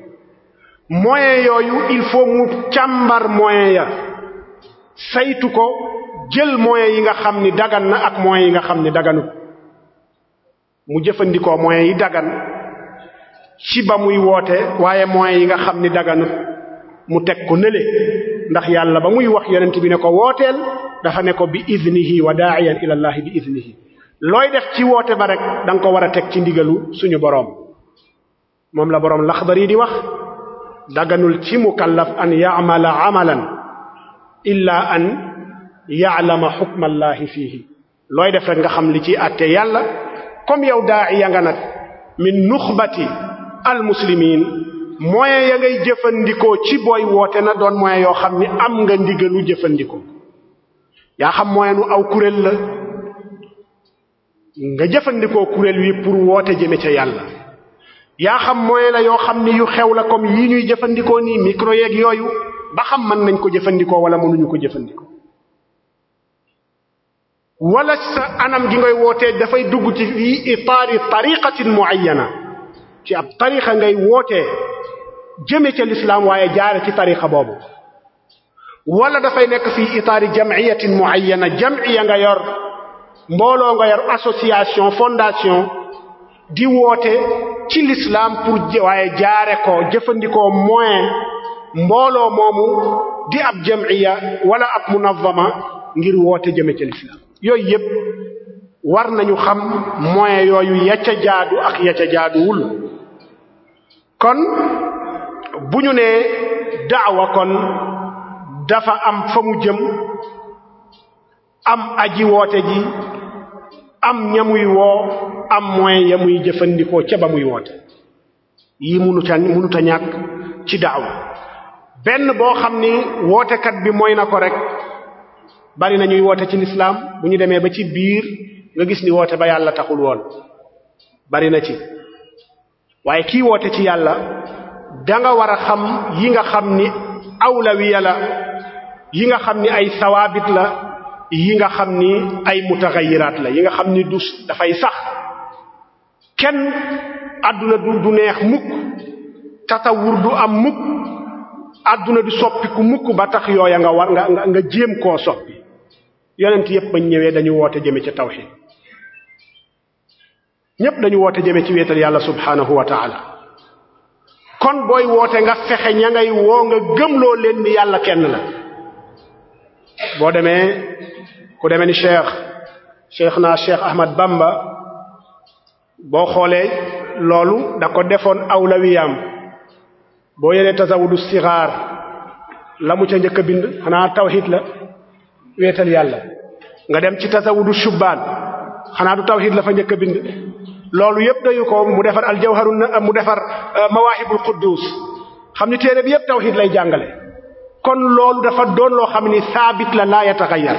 moyen yooyu il faut mu càmbar moyen ya saytu ko jël moyen yi nga xam ni dagan na ak moyen yi nga xam ni daganut mu jëfandikoo moyen yi dagan ci ba muy woote waaye moyen yi nga xam ni daganut mu teg ko nële ndax yàlla ba muy wax yonent bi ne ko wooteel dafa ne ko bi iznihi wa da'iyan ila allahi bi iznihi looy def ci woote ba rek da nga ko war a teg ci ndigalu suñu boroom moom la boroom laxdar yi di wax daganul ci mukallaf an yaamala amalan illaa an yaalama xukmallahi fiihi looy defe nga xam li ciy àtte yàlla comme yow daa ya nga nag min nuxbati almuslimin moyen ya ngay jëfandikoo ci booy woote na doon moyen yoo xam ni am nga ndigalu jëfandikoo yaa xam moyen nu aw kuréel la nga jëfandikoo kuréel wi pour woote jëme ca yàlla yaa xam moyen la yoo xam ni yu xew la comme yii ñuy jëfandikoo nii micro yeeg yooyu ba xam mën nañ ko jëfandikoo wala mënuñu ko jëfandikoo wala sa anam gi ngay wootee dafay dugg ci fii itaari tariqatin muayyana ci ab tariqa ngay wootee jëme ca lislaam waaye jaare ci tariqa boobu wala dafay nekk fii itaari jam'iyatin muayyana jam'iya nga yor mbooloo nga yor association fondation di woote ci l'islam pour waaye jaare ko jëfandikoo moyen mbooloo moomu di ab jam'iya wala ab munazama ngir woote jëme ci l'islam yooyu yëpp war nañu xam moyen yooyu yacca jaadu ak yacca jaaduwul kon bu ñu nee daawa kon dafa am fa mu jëm am aji woote ji am ñamuy woo am moyen ya jëfandikoo ca ba muy woote yi munuta munuta ñàkk ci daaw benn boo xam ni wootekat bi mooy na ko rek bari na ñuy woote ci lislaam bu ñu demee ba ci biir nga gis ni woote ba yàlla taxul woon bari na ci waaye kii woote ci yàlla danga war a xam yi nga xam ni awlawiya la yi nga xam ni ay sawaabit la yi nga xam ni ay mutaxayiraat la yi nga xam ni du dafay sax kenn àdduna du neex mukk tatawur du am mukk àdduna di soppiku mukk ba tax yooya nga war nga nga jéem koo soppi yonent yépp bañ ñëwee dañu woote jëme ci tawxid ñépp dañu woote jëme ci wéetal yàlla subhaanahu wa taala kon booy woote nga fexe ña ngay woo nga gëmloo leen ni yàlla kenn la boo demee ku demee ni cheikh cheikh naa cheikh Ahmad Bamba boo xoolee loolu da ko defoon awlawiyaam boo yenee tasawudu sixaar lamu mu ca njëkk a bind xanaa taw tawxiid la weetal yàlla nga dem ci tasawudu shubbaan xanaa du tawxiid la fa njëkk a bind loolu yëpp dayu ko mu defar aljawharu mu defar euh, mawaahibul quddus xam ni téere bi yëpp tawxiid lay jàngale kon loolu dafa doon loo xam ni saabit la laa yataxayyar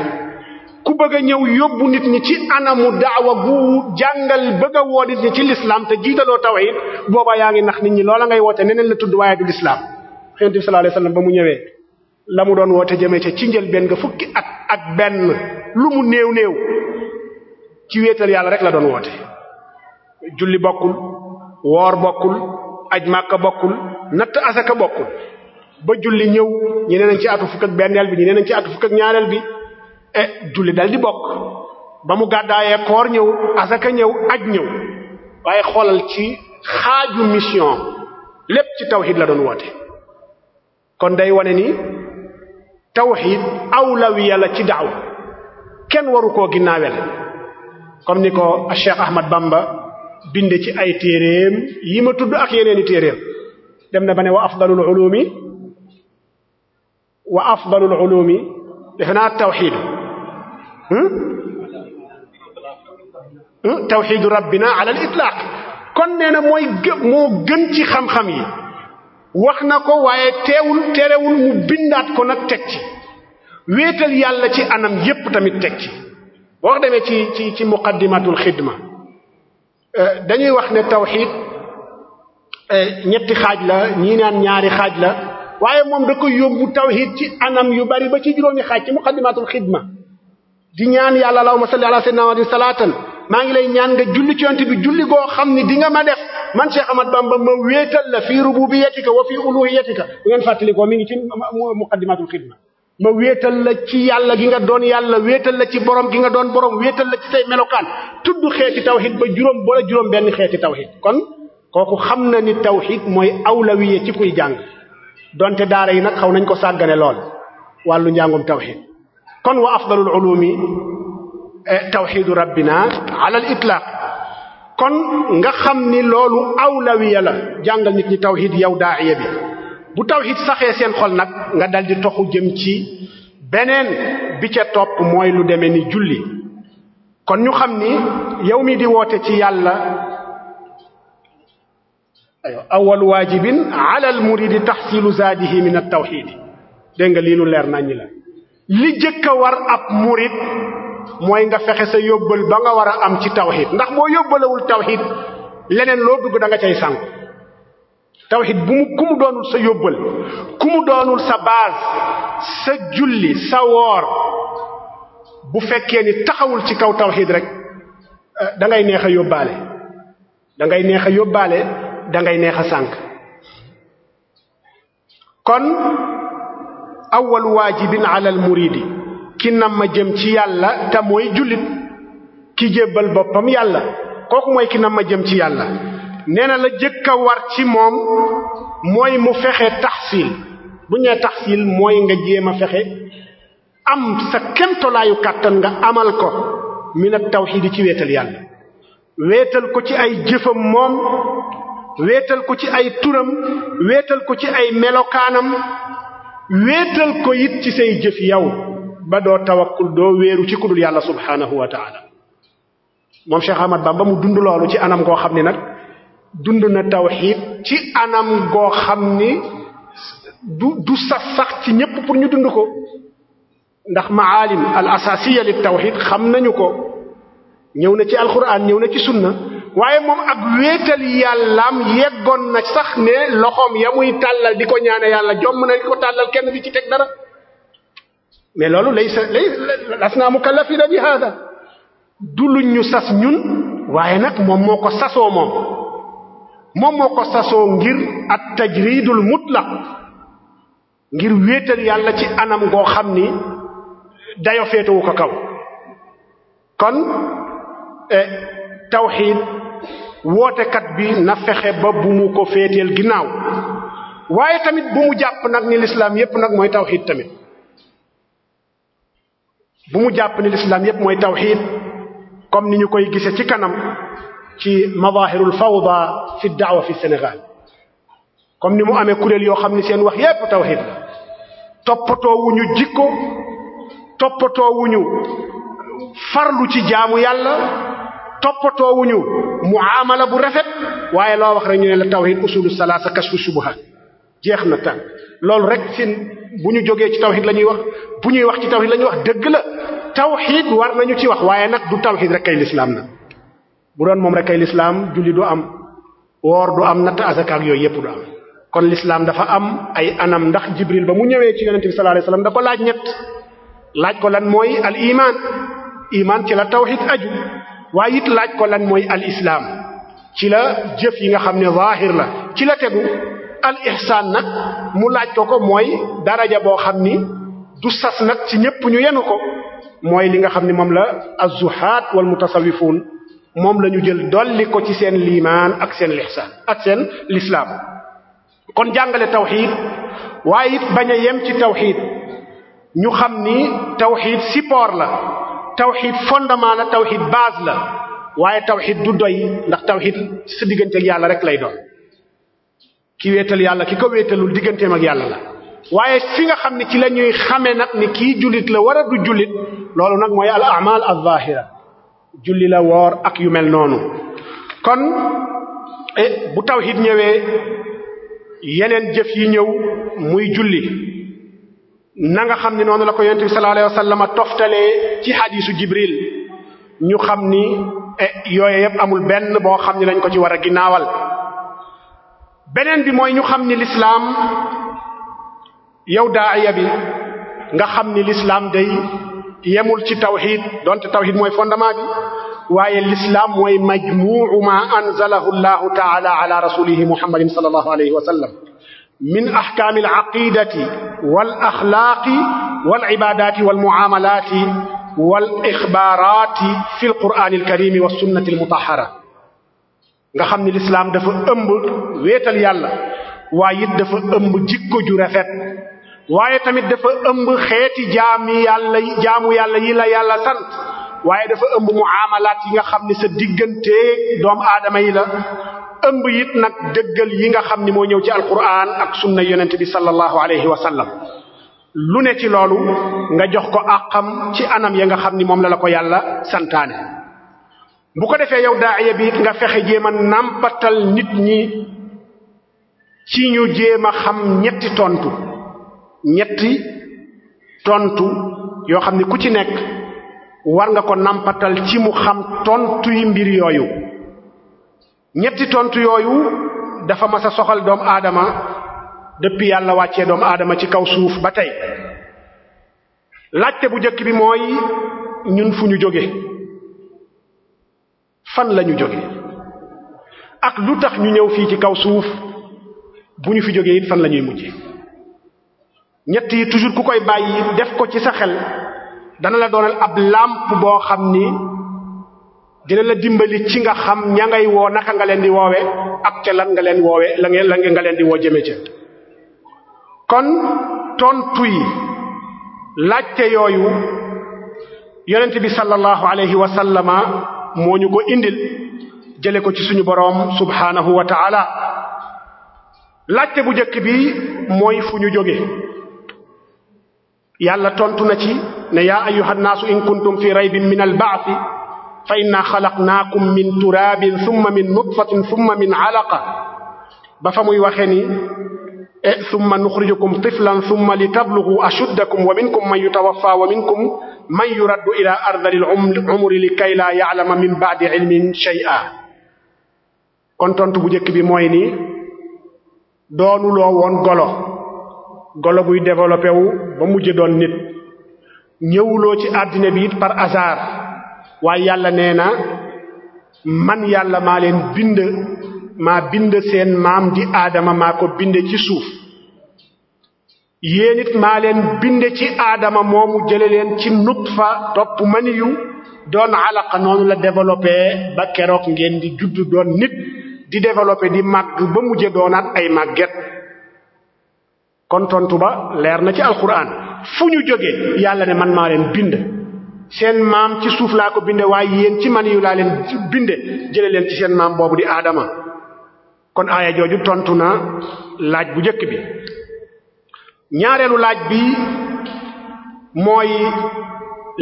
ku bëgg ñëw yóbbu nit ñi ci anamu daawa gu jàngal bëgg a woo ñi ci lislaam te jiitaloo tawhid booba yaa ngi nax nit ñi loola ngay woote neneen la tudd waaye du lislaam xeent bi sallallahu alayhi wasallam ba mu ñëwee la mu doon woote jëmee ca ci njëlbéen nga fukki at ak benn lu mu néew néew ci wéetal yàlla rek la doon woote julli bokkul woor bokkul aj màkka bokkul natt asaka bokkul ba julli ñëw ñeneen ci at fukk ak benneel bi ñeneen ci atu fukk ak e julli dal di bokk ba mu gàddaayee koor ñëw asaka ñëw aj ñëw waaye xoolal ci xaaju mission lépp ci tawxid la doon woote kon dey wane ni tawxid awlawiya la ci daaw kenn waru koo ginnaawel comme ni ko Cheikh Ahmad Bamba binde ci ay téeréem yi ma tudd ak yeneeni téeréem dem na ba ne wa afdalul ulumi wa afdalul ulumi defe naa tawxiidu Hmm? Hmm? tawxidu rabbina ala al itlaq kon nee na mooy moo gën ci xam-xam yi wax na ko waaye teewul terewul mu bindaat ko nag teg ci wéetal yàlla ci anam yépp tamit teg ci boo wax demee ci ci ci xidma eh, dañuy wax ne tawxid eh, ñetti xaaj la ñii naan ñaari xaaj la waaye moom da ko yóbbu tawxid ci anam yu bari ba ci juróomi xaaj ci muqaddimatul xidma di ñaan yàlla allahumma salli ala sayyidina Muhammadin salaatan maa ngi lay ñaan nga julli ci yonent bi julli goo xam ni di nga ma def man Cheikh Ahmad Bamba ma wéetal la fii rububiyyatika wa fii uluhiyyatika bu ngeen fàttali ko mi ngi ci muqaddimatul xidma ma wéetal la ci yàlla gi nga doon yàlla wéetal la ci borom gi nga doon borom wéetal la ci say melokaan tudd xeeti tawxid ba juróom boole juróom benn xeeti tawxid kon kooku xam na ni tawxid mooy awlawiye ci kuy jàng donte daara yi nag xaw nañ ko sàggane lool wàllu njàngum tawxid kon wa afdalul ulumi eh, tawxidu rabbina ala al itlaq kon nga xam ni loolu awlawiya la jàngal nit ñi tawxid yow daa'iya bi bu tawxid saxee seen xol nag nga dal di toxu jëm ci beneen bi ca topp mooy lu demee ni julli kon ñu xam ni yow mi di woote ci yàlla aywa awal waajibin ala al muridi tahsilu zaadihi min at tawxidi dégg nga liinu lu leer naññi la li jëkk a war ab murit mooy nga fexe sa yóbbal ba nga war a am ci tawxid ndax boo yóbbalewul tawxid leneen loo dugg da nga cay sànq tawxid bu mu ku mu doonul sa yóbbal ku mu doonul sa base sa julli sa woor bu fekkee ni taxawul ci kaw tawxid rek eh, da ngay neex a yóbbaale dangay neex a yóbbaale dangay neex a sànq kon awwal waajibin alal muridi ki nam ma jëm ci yàlla te mooy jullit ki jébbal boppam yàlla kooku mooy ki nam ma jëm ci yàlla nee na la jëkk a war ci moom mooy mu fexe taxsil bu ñee taxsil mooy nga jéem a fexe am sa kemtolaayu kàttan nga amal ko min at tawxiid ci wéetal yàlla wéetal ko ci ay jëfam moom wéetal ko ci ay turam wéetal ko ci ay melokaanam wéetal ko ci say jëf yow ba doo tawakkul doo wéeru ci kudul yàlla subhaanahu wa taala moom Cheikh Ahmad Bamba mu dund loolu ci anam goo xam ni nag dund na tawxiid ci anam goo xam ni du du sax sax ci ñépp pour ñu dund ko ndax ma maalim al asasiya li tawxiid xam nañu ko ñëw na ci alquran ñëw na ci sunna waaye moom ak wéetal yàllaam yeggoon na sax ne loxoom ya muy tàllal di ko ñaane yàlla jomm na di ko tàllal kenn di ci teg dara mais loolu laysa lay lasnaa mukallafina bi hada du luñ ñu sas ñun waaye nag moom moo ko sasoo moom moom moo ko sasoo ngir at mut la ngir wéetal yàlla ci anam goo xam ni dayo féetuwu ko kaw kon eh, tawxiid wootekat bi na fexe ba bu mu ko féeteel ginnaaw waaye tamit bu mu jàpp nag ni lislaam yépp nag mooy tawxiid tamit bu mu jàpp ni lislaam yépp mooy tawxiid comme ni ñu koy gise ci kanam ci mazahirul fawda fi daawa fi Sénégal comme ni mu amee kuréel yoo xam ni seen wax yépp tawxiid la toppatoo wu ñu jikko toppatoo wu ñu farlu ci jaamu yàlla toppatoowuñu muamala bu rafet waaye loo wax rek ñu ne la tawhid usulu salaasa kashfu shubha jeex na tànk loolu rek sin bu ñu jógee ci tawhid la ñuy wax bu ñuy wax ci tawhid la ñuy wax dëgg la tawhid war nañu ci wax waaye nag du tawhid rek kay lislaam na bu doon moom rek ay lislaam julli du am woor du am natt azaka ak yooyu yëpp du am kon lislaam dafa am ay anam ndax jibril ba mu ñëwee ci yonente bi sallallahu alayhi wasallam da ko laaj ñett laaj ko lan mooy al ci la tawhid aju waaye it laaj ko lan mooy al islaam ci la jëf yi nga xam ne zaahir la ci la tegu al nag mu laaj ko ko mooy daraja boo xam ni du sas nag ci ñépp ñu yenu ko mooy li nga xam ni moom la az-zuhaat wal mutasawwifuun moom lañu jël dolli ko ci seen liimaan ak seen lihsaan ak lislaam kon jàngale tawxiid waaye it bañ a yem ci tawxiid ñu xam ni tawxiid support la tawxid fondement la tawxid base la waaye tawxid du doy ndax tawxid ci sa diggante yàlla rek lay doon ki wéetal yàlla ki ko wéetalul digganteem ak yàlla la waaye fi nga xam ne ci lañuy ñuy xamee nag ni kii jullit la war a du jullit loolu nag mooy al amal al zahira julli la woor ak yu mel noonu kon eh, bu tawxid ñëwee yeneen jëf yi ñëw muy julli na nga xam ni noonu la ko yonent bi sallallahu alayhi wasallam toftalee ci xadiisu Jibril ñu xam ni e, yooye yépp amul benn boo xam ni dañ ko ci war a ginnaawal beneen bi mooy ñu xam ni lislaam yow daa daaya bi nga xam ni lislaam day yemul ci tawxid donte tawxid mooy fondement bi waaye lislaam mooy majmu'u ma anzalahu llahu taala ala rasulihi muhammadin sallallahu alayhi wa sallam min ahkaami al aqidati wal axlaaqi wal ibaadaati wal mucaamalaati wal ixbaaraati fil qur'aanil kariimi wa sunnatil mutahhara nga xam ni lislaam dafa ëmb wéetal yàlla waaye it dafa ëmb jikko ju rafet waaye tamit dafa ëmb xeeti jaami yàlla jaamu yàlla yi la yàlla sant waaye dafa ëmb mucaamalaat yi nga xam ni sa digganteeg doomu aadama yi la ëmb it nag dëggal yi nga xam ni moo ñëw ci alquran ak sunna yonent bi sallallahu alayhi wa sallam lu ne ci loolu nga jox ko àqam ci anam ya nga xam ni moom la la ko yàlla santaane bu ko defee yow daaya bi nga fexe jéem a nàmpatal nit ñi ci ñu jéem a xam ñetti tontu ñetti tontu yoo xam ni ku ci nekk war nga ko nàmpatal ci mu xam tontu mbir yooyu ñetti tontu yooyu dafa mas a soxal doomu aadama depuis yàlla wàccee doomu aadama ci kaw suuf ba tey laajte bu njëkk bi mooy ñun fu ñu jóge fan lañu jóge ak lu tax ñu ñëw fii ci kaw suuf bu ñu fi jógee it fan la ñuy mujje ñett yi toujours ku koy bàyyi def ko ci sa xel dana la doonal ab làmp boo xam ni dina na dimbali ci nga xam ña ngay woo naka nga leen di woowe ak ca lan nga leen woowe la ngeen la nga leen di woo jëme ca kon tontu yi laajte yooyu yonent bi sallallahu alayhi wa sallama moo ñu ko indil jële ko ci suñu boroom subhaanahu wa ta'ala laajte bu njëkk bi mooy fu ñu jóge yàlla tontu na ci ne yaa ayyuhan naasu in kuntum fi raybin min al ba'thi fa inna xalaqnaakum min turaabin summa min nutfatin summa min alaqa ba fa muy waxee ni e summa nuxrijukum tiflan summa li tablugu ashuddakum wa minkum man yutawaffa wa minkum man yuraddu ila ardalil umri li kay ya'lama min ba'di ilmin shay'a kon tontu bu njëkk bi mooy ni doonuloo woon golo golo buy développé wu ba mujj doon nit ñëwuloo ci àddina bi it par hasard waa yàlla nee na man yàlla maa leen bind maa bind seen maam di aadama maa ko bind ci suuf yéen it maa leen bind ci aadama moomu jële leen ci nutfa topp maniyu doon alaqa noonu la développé ba keroog ngeen di judd doon nit di développé di màgg ba mujje doonaat ay màgget kon tontu ba leer na ci alquran fu ñu jóge yàlla ne man maa leen bind seen maam ci suuf laa ko binde waaye yéen ci man yu laa leen binde jële leen ci seen maam boobu di aadama kon aaya jooju tontu na laaj bu njëkk bi ñaareelu laaj bi mooy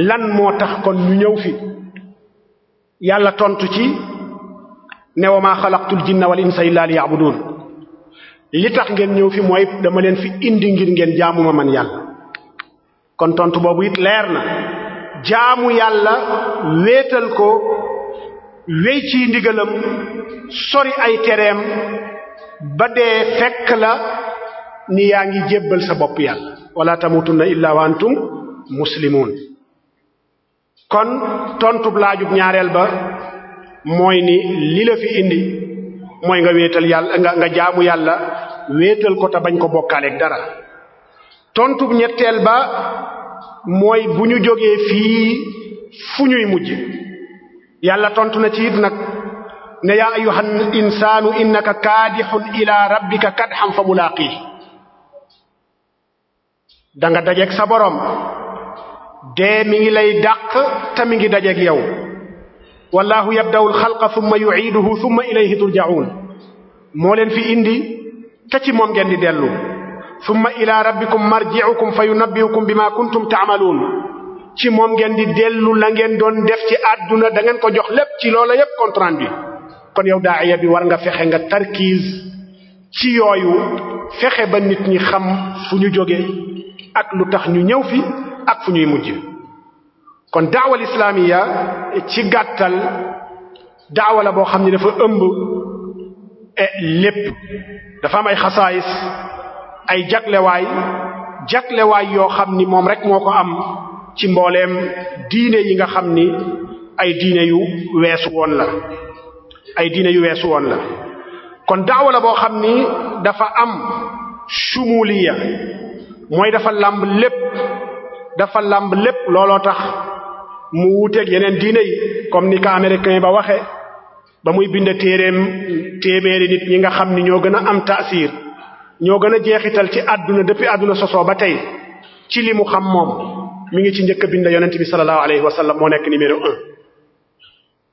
lan moo tax kon ñu ñëw fi yàlla tontu ci ne wa maa xalaqtul jinna wal insa illaa liya'budun li tax ngeen ñëw fi mooy dama leen fi indi ngir ngeen jaamu man yàlla kon tontu boobu it leer na jaamu yàlla wéetal ko wéy ci ndigalam sori ay tereem ba dee fekk la ni yaa ngi jébbal sa bopp yàlla wala tamutunna illa wa antum muslimun kon tontub laajub ñaareel ba mooy ni li la fi indi mooy nga wéetal yàlla nga nga jaamu yàlla wéetal ko te bañ ko bokkaaleeg dara tontub ñetteel ba mooy bu ñu jógee fii fu ñuy mujj yàlla tontu na ci it nag ne yaa ayyuhal insaanu innaka kaadixun ila rabbika kadxan fa mu da nga dajeeg sa boroom dee mi ngi lay dàq te mi ngi dajeeg yow wallahu yabda'u alxalqa thumma yu'iiduhu thumma ilayhi turja'uun moo leen fi indi te ci moom ngeen di dellu summa ilaa rabbikum marji'ukum fa yunabbi'ukum bima kuntum ta'maluun ci moom ngeen di dellu la ngeen doon def ci àdduna da ngeen ko jox lépp ci loola yépp contrat bi kon yow daaya bi war nga fexe nga tarkiis ci yooyu fexe ba nit ñi xam fu ñu jóge ak lu tax ñu ñëw fi ak fu ñuy mujj kon daawal islaamiya ci gàttal daawa boo xam ne dafa ëmb eh, lépp dafa am ay xasaayis ay jaglewaay jaglewaay yoo xam ni moom rek moo ko am ci mbooleem diine yi nga xam ni ay diine yu weesu woon la ay diine yu weesu woon la kon daawa la boo xam ni dafa am sumuliya mooy dafa làmb lépp dafa làmb lépp looloo tax mu wuuteeg yeneen diine yi comme ni ka américain ba waxe ba muy bind téeréem téeméeri nit ñi nga xam ni ñoo gën a am taasiir ñoo gën a jeexital ci àdduna depuis àdduna sosoo ba tey ci li mu xam moom mu ngi ci njëkk a bind yonent bi sallallahu alayhi wa sallam moo nekk numéro un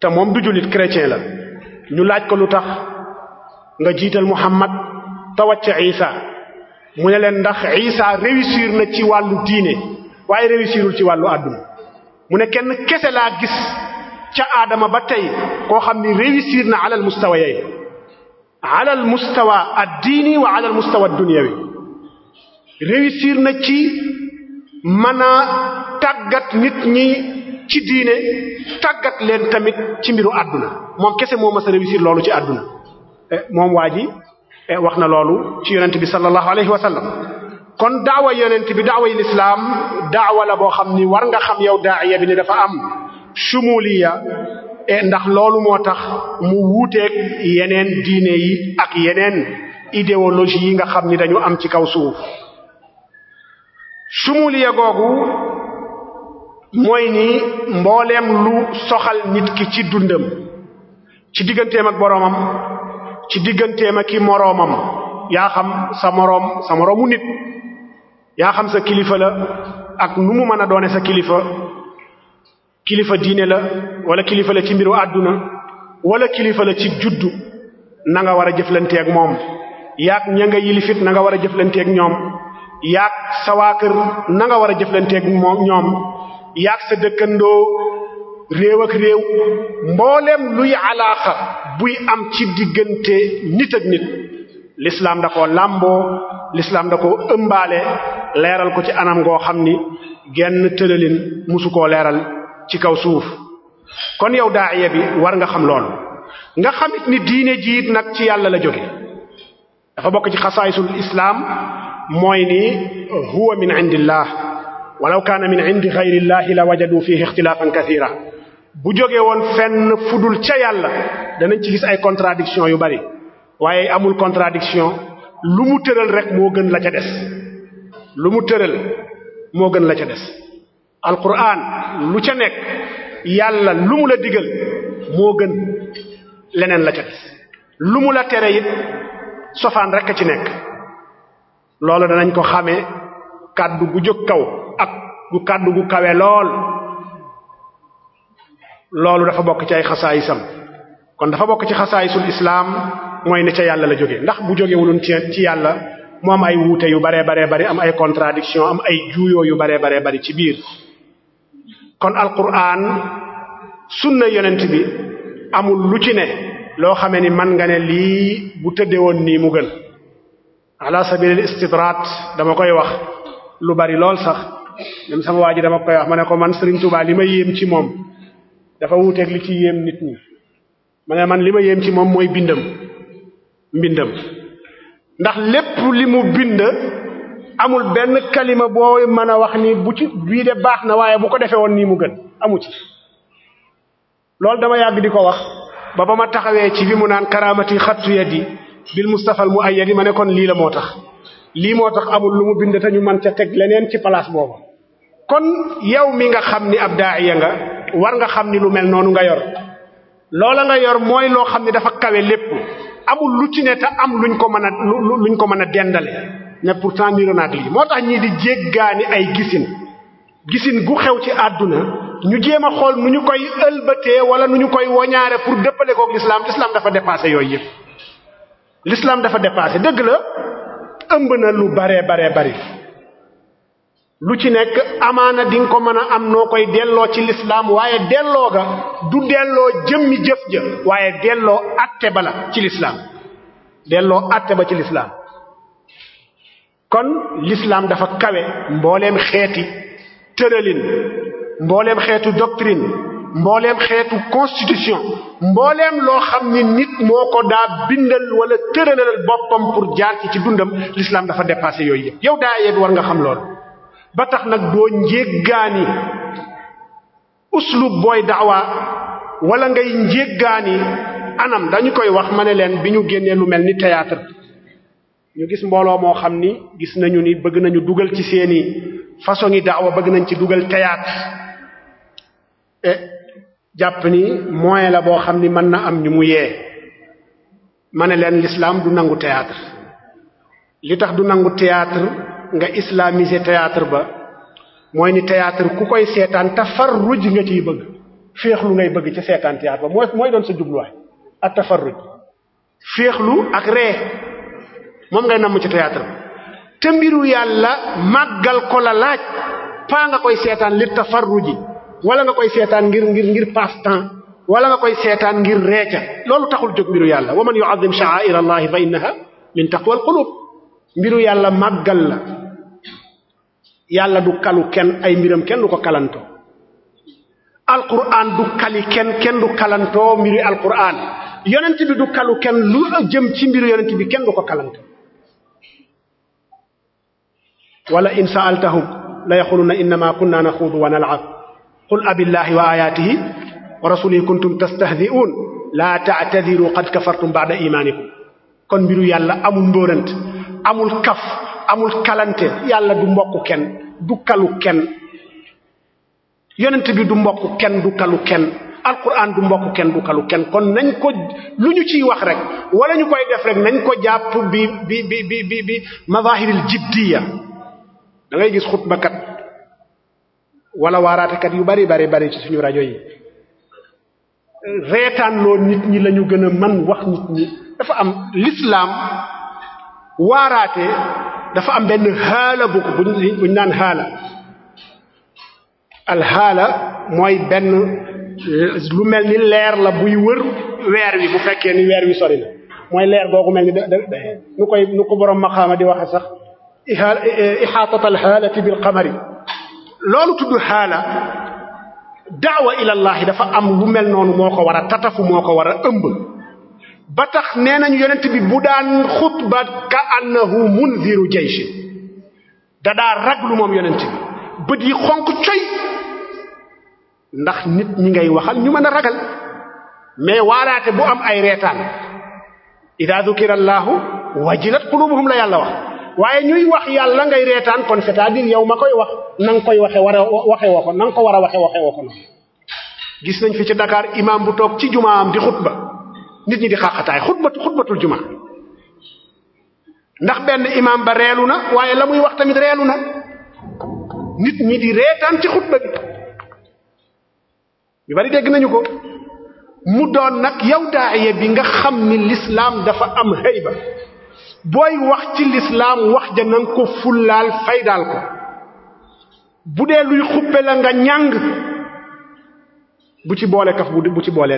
te moom du jullit chrétien la ñu laaj ko lu tax nga jiital Muhammad te wàcce Isa mu ne leen ndax Isa réussir na ci wàllu diine waaye réussirul ci wàllu àdduna mu ne kenn kese laa gis ca aadama ba tey koo xam ni réussir na alal mustawayay ala al mustawa ad-diini wa ala al mustawa ad na ci mën a tàggat nit ñi ci diine tàggat leen tamit ci mbiru àdduna moom kese moo mës a réussir loolu ci àdduna eh, moom waa ji eh, wax na loolu ci yonent bi sallallahu alayhi wa sallam kon daawa yonent bi daawa yi lislaam boo xam ni war nga xam yow daaiya bi ni dafa am shumuliya E, ndax loolu moo tax mu wuuteeg yeneen diine yi ak yeneen idéologie yi nga xam ni dañu am ci kaw suuf sumuliya googu mooy ni mbooleem lu soxal nit ki ci dundam ci digganteem ak boroomam ci digganteem ak ki moroomam yaa xam sa moroom sa moroomu nit yaa xam sa kilifa la ak nu mu mën a doone sa kilifa kilifa diine la wala kilifa la ci mbiru àdduna wala kilifa la ci juddu na nga war a jëflanteeg moom yaak ña yilifit na nga war a jëflanteeg ñoom yaak sa waa kër na war a jëflanteeg moom ñoom yaak sa dëkkandoo réew ak réew mbooleem luy alaaxa buy am ci diggante nit ak nit l'islam da koo làmboo l'islam da koo ëmbaale leeral ko ci anam goo xam ni genn tëralin musu koo leeral ci kaw suuf kon yow daa daa'iya bi war nga xam loolu nga xamit ni diine jiit nag ci yàlla la jóge dafa bokk ci xasaayisul islaam mooy ni huwa min indillah walaw kaana min indi xayrillahi la wajadu fihi ixtilaafan kasiira bu jógee woon fenn fudul ca yàlla danañ ci gis ay contradiction yu bari waaye amul contradiction lu mu tëral rek moo gën la ca des lu mu tëral moo gën la ca des alquran lu ca nekk yàlla lu mu la digal moo gën leneen la ca lu mu la tere it sofaan rek a ci nekk loolu danañ ko xamee kàddu gu jóg kaw ak gu kàddu gu kawe lool loolu dafa bokk ci ay xasaayisam kon dafa bokk ci xasaayisul islaam mooy ne ca yàlla la jóge ndax bu jógewuloon ci ci yàlla mu ay wuute yu baree baree bari am ay contradiction am ay juuyoo yu baree baree bari ci biir kon alquran sunna yonent bi amul lu ci ne loo xamee ni man nga ne lii bu tëdde woon nii mu gën ala sabilil istidraat dama koy wax lu bari lool sax même sama waa ji dama koy wax mane ko man sëriñ Touba li ma yéem ci moom dafa wuuteeg li ci yéem nit ñi ma man li ma yéem ci moom mooy bindam mbindam ndax lépp li mu bind amul benn kalima boo mën a wax ni bu ci bii de baax na waaye bu ko defee woon nii mu gën amu ci loolu dama yàgg di ko wax ba ba ma taxawee ci bi mu naan karamati xattu yadi bil mu al muayyadi ma ne kon lii la moo tax lii moo tax amul lu mu bind te ñu mën ca teg leneen ci place boobu kon yow mi nga xam ni ab daa'iya nga war nga xam ni lu mel noonu nga yor loola nga yor mooy loo xam ni dafa kawe lépp amul lu ci ne te am luñ ko mën a luñ ko mën a dendale ne pourtant niru naag lii moo tax ñii di jéggaani ay gisin gisin gu xew ci àdduna ñu jéem a xool nu ñu koy ëlbatee wala nu ñu koy woñaare pour dëppale koog l'islam l'islam dafa dépassé yooyu yëpp l'islam dafa dépassé dëgg la ëmb na lu baree baree bari lu ci nekk amaana dinga ko mën a am noo koy delloo ci l'islam waaye delloo ga du delloo jëmmi jëf ja waaye delloo atte ba la ci lislaam delloo atte ba ci l'islam kon l'islam dafa kawe mbooleem xeeti tëralin mbooleem xeetu doctrine mbooleem xeetu constitution mbooleem loo xam ni nit moo ko daa bindal wala tëralal boppam pour jaar ci ci dundam l'islam dafa dépassé yooyu yëpp yow daa yeeg war nga xam lool ba tax nag doo njéggaani uslub booy daawa wala ngay njéggaani anam dañu koy wax ma ne leen bi ñu génnee lu mel ni théâtre ñu gis mbooloo moo xam ni gis nañu ni bëgg nañu dugal ci seeni façon yi daawa bëgg nañ ci dugal teyaat e jàpp ni moyen la boo xam ni mën na am ñu mu yee ma ne leen lislaam du nangu théâtre li tax du nangu théâtre nga islaamise théâtre ba mooy ni théâtre ku koy seetaan tafarruj nga ciy bëgg féexlu ngay bëgg ci seetaan théâtre ba mooy mooy doon sa jubluwaay ak tafarruj féexlu ak ree moom ngay namm ci théâtre bi te mbiru yàlla màggal ko la laaj paa nga koy seetaan li tafarruji wala nga koy seetaan ngir ngir ngir passe-temps wala nga koy seetaan ngir reeca loolu taxul jóg mbiru yàlla wa man yu'azzim sha'a'ira allahi fa innaha min taqwal qulub mbiru yàlla màggal la yàlla du kalu kenn ay mbiram kenn du ko kalantoo alquran du kali kenn kenn du kalantoo mbiru alquran yonent bi du kalu kenn lu jëm ci mbiru yonent bi kenn du ko kalantoo wala in sa'altahum la yaquluna innama kunna naxuudu wa nal'ab qul abillahi wa ayaatihi wa rasulihi kuntum tastahzi'un la ta'tadiru qad kafartum ba'da imanikum kon mbiru yàlla amul ndóorant amul kaf amul kalante yàlla du mbokk kenn du kalu kenn yonent bi du mbokk kenn du kalu kenn alquran du mbokk kenn du kalu kenn kon nañ ko lu ñu ciy wax rek wala ñu koy def rek nañ ko jàpp bi bi bi bi bi mazahiril jiddiya dangay ngay gis xutbakat wala waaraatekat yu bari bari bari ci suñu rajo yi reetaanloo nit ñi lañu gën a mën wax nit ñi dafa am l'islam waaraate dafa am benn xaala bu ko buñ naan xaala alxaala mooy benn lu mel ni leer la buy wër weer wi bu fekkee ni weer wi sori na mooy leer googu mel ni da da nu koy nu ko borom maxaama di waxe sax ixaatatal xaalati bil qamari loolu tudd xaala daawa ilallahi dafa am lu mel noonu moo ko war a tatafu moo ko war a ëmb ba tax nee nañu yonent bi bu daan xutba ka annahu munziru jaysh da daa raglu moom yonent bi bët yi xonq coy ndax nit ñi ngay waxal ñu mën a ragal mais waaraate bu am ay reetaan ida dukira allahu wajilat qulubuhum la yàlla wax waaye ñuy wax yàlla ngay reetaan kon c'est-à-dire yow ma koy wax na nga koy waxe war a waxe ko war a waxe waxe woo gis nañ fi ci Dakar imam bu toog ci jumaa am di xutba nit ñi di xaqataay xutba xutbatul juma ndax benn imam ba reelu na waaye la muy wax tamit reelu na nit ñi di reetaan ci xutba bi ñu bari dégg nañu ko mu doon nag yow daaya bi nga xam ni l'islam dafa am hayba booy wax ci lislaam wax ja nanga ko fullaal faydaal ko bu dee luy xuppe la nga ñàng bu ci boole kaf bu ci boole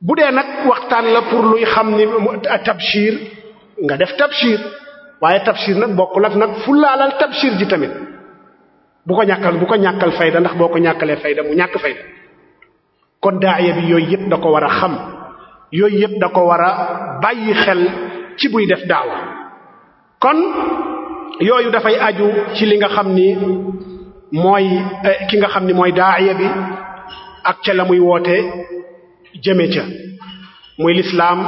bu dee nag waxtaan la pour luy xam ni tabshir nga def tabshir waaye tabshir nag bokkul ak nag fullaalal tabshir ji tamit bu ko ñàkkal bu ko ñàkkal fayda ndax boo ko ñàkkalee fayda mu ñàkk fayda kon daaya bi yooyu yëpp da ko war a xam yooyu yëpp da ko war a bàyyi xel ci buy def daawa kon yooyu dafay aju ci li nga xam ni mooy eh, ki nga xam ni mooy daaya bi ak ca la muy woote jëme ca muy lislaam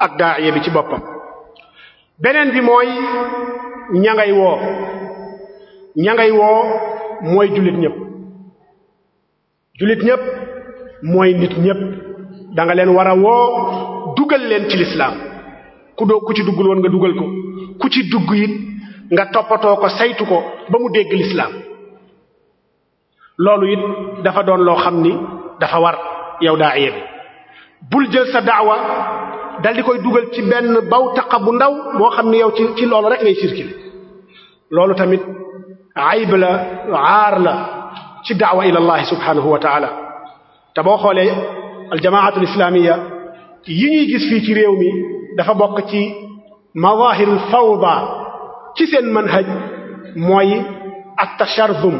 ak daaya bi ci boppam beneen bi mooy ña ngay woo ña ngay woo mooy jullit ñépp jullit ñépp mooy nit ñépp da leen war a woo dugal leen ci lislaam ku doo ku ci dugg woon nga dugal ko ku ci dugg it nga toppatoo ko saytu ko ba mu dégg lislaam loolu it dafa doon loo xam ni dafa war yow daa'iya bi bul jël sa daawa dal di koy dugal ci benn baw taqa bu ndaw boo xam ni yow ci ci loolu rek ngay circuler loolu tamit ayib la aar la ci daawa ila allah subhanahu wa taala te boo xoolee aljamaatul islaamiya yi ñuy gis fii ci réew mi dafa bokk ci mawahirul fawda ci seen manhaj mooy at-tasharzum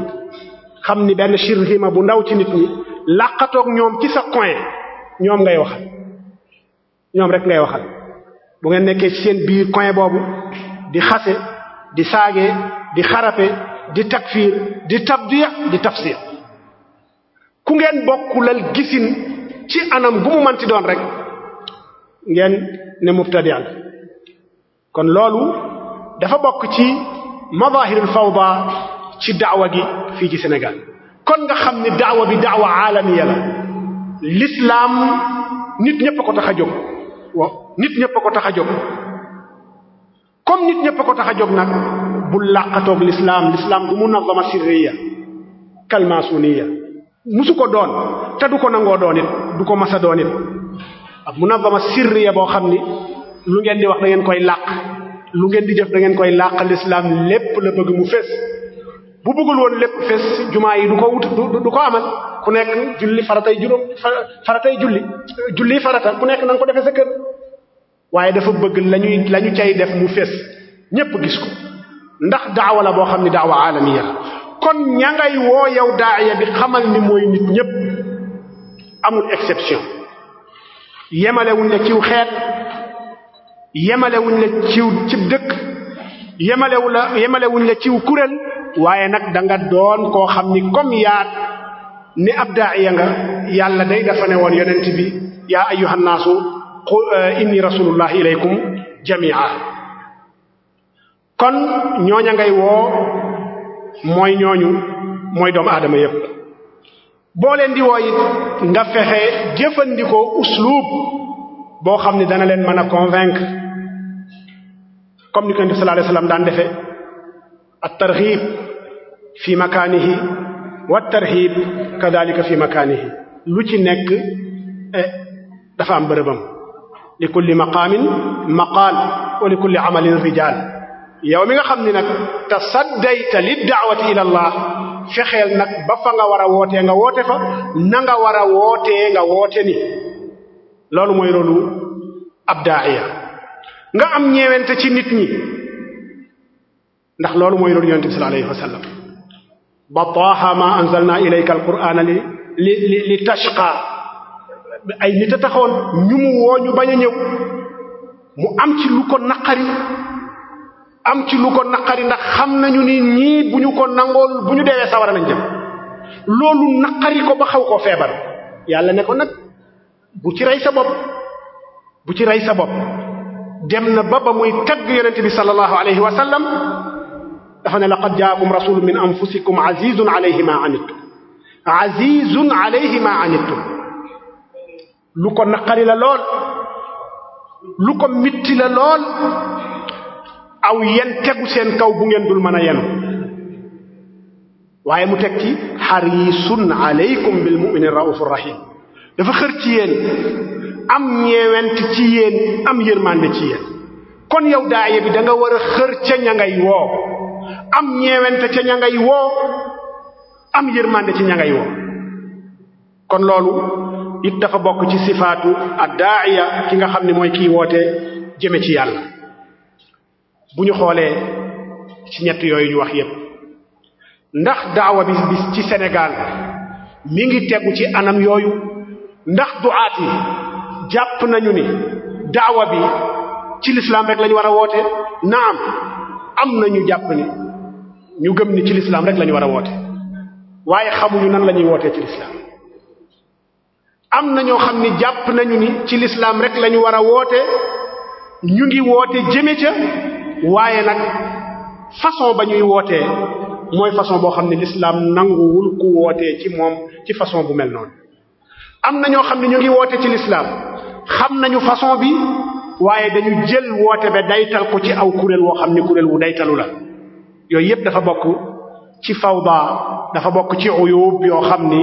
xam ni benn shirzima bu ndaw ci nit ñi làqatoog ñoom ci sa coin ñoom ngay waxal ñoom rek ngay waxal bu ngeen nekkee ci seen biir coin boobu di xase di saage di xarape di takfir di tabdiya di tafsir ku ngeen bokkulal gisin ci anam gu mu manti doon rek ngeen ne mubtadi' kon loolu dafa bokk ci mazahirul fawda ci daawa gi fii ci Sénégal kon nga xam ni daawa bi daawa aalamiya la l'islam nit ñëpp ko tax a jóg wa nit ñëpp a ko tax a jóg comme nit ñëpp ko tax a jóg nag bu làqatoog l'islam l'islam du munazama sirriya kalmasuniya musu ko doon te du ko nangoo doon du ko masa doon ak munazama sirriya boo xam ni lu ngeen di wax da ngeen koy làq lu ngeen di jëf da ngeen koy làq lislaam lépp la bëgg mu fees bu bëggul woon lépp fees jumaa yi du ko wut du ko amal ku nekk julli faratay juróom faratay julli julli farata ku nekk na nga ko defee sa kër waaye dafa bëgg lañuy lañu ñu cay def mu fees ñépp gis ko ndax daawa boo xam ni daawa aalamiya la kon ña ngay woo yow daaya bi xamal ni mooy nit ñépp amul exception yemalewuñ la ciw xeet yemalewuñ la ciw cib dëkk yemalewu la yemalewuñ la ciw kuréel waaye nag danga doon koo xam ni comme yaat ni ab daaya nga yàlla day dafa ne woon yonent bi yaa ayyuhan naasu eh, inni rasulullah ilaykum jamia kon ñooña ngay woo mooy ñooñu mooy doomu aadama yépp boo leen di woo nga fexe jëfandikoo uslub boo xam ne dana leen mën a convaincre comme ni ko Nabi sallallahu alayhi wasallam daan defe at-targhib fi makaanihi wa tarhib kadhalika lu ci nekk eh, dafa am bërëbam li kulli maqaamin maqaal wa li kulli amalin rijaal yow mi nga xam ni nag tasaddayta lid da'wati ila Allah fexeel nag ba fa nga war a wootee nga woote fa na nga war a wootee nga woote ni loolu mooy rolu ab daaya nga am ñeewente ci nit ñi ndax loolu mooy rolu yonent bi sallallahu alayhi wasallam ba taaha ma anzalna ilayka alqur'ana ay nit a taxoon ñu mu woo ñu bañ mu am ci lu ko naqari am ci lu ko naqari ndax xam nañu ni ñii bu ñu ko nangool bu ñu deewee sawara nañ jëm loolu naqari ko ba xaw ko feebar yàlla ne ko nag bu ci rey sa bu ci rey sa bopp dem na ba ba muy tagg yonente bi sallallahu alayhi wa sallam dafa ne laqad jaakum rasulun min anfusikum azizun alayhi ma anittum azizun alayhi ma anittum lu ko naqari la lool lu ko mitti la lool aw yen tegu seen kaw bu ngeen dul mën a yenu waaye mu teg ci xarisun aleykum bil muminin raufur rahim dafa xër ci yéen am ñeewent ci yéen am yërmande ci yéen kon yow daaye bi da war a xër ca ña ngay woo am ñeewent ca ña ña ngay woo loolu it dafa bokk ci sifaatu ad daaiya ki nga xam ni mooy kii woote jëme ci yàlla bu ñu xoolee ci ñett yooyu ñu wax yépp ndax daawa bi ci Sénégal mi ngi tegu ci anam yooyu ndax du'aat yi jàpp nañu ni daawa bi ci lislaam rek la ñu war a woote naam am na ñu jàpp ni ñu gëm ni ci lislaam rek lañu ñu war a woote waaye xamuñu nan lañuy ñuy wootee ci lislaam am na ñoo xam ni jàpp nañu ni ci lislaam rek lañu ñu war a woote ñu ngi woote jëme ca waaye nag façon ba ñuy wootee mooy façon boo xam ne lislaam nanguwul ku wootee ci moom ci façon bu mel noonu am na ñoo xam ne ñu ngi woote ci lislaam xam nañu façon bi waaye dañu jël woote day daytal ko ci aw kuréel woo xam ne kuréel wu daytalu la yooyu yépp dafa bokk ci faw ba dafa bokk ci uyub yoo xam ni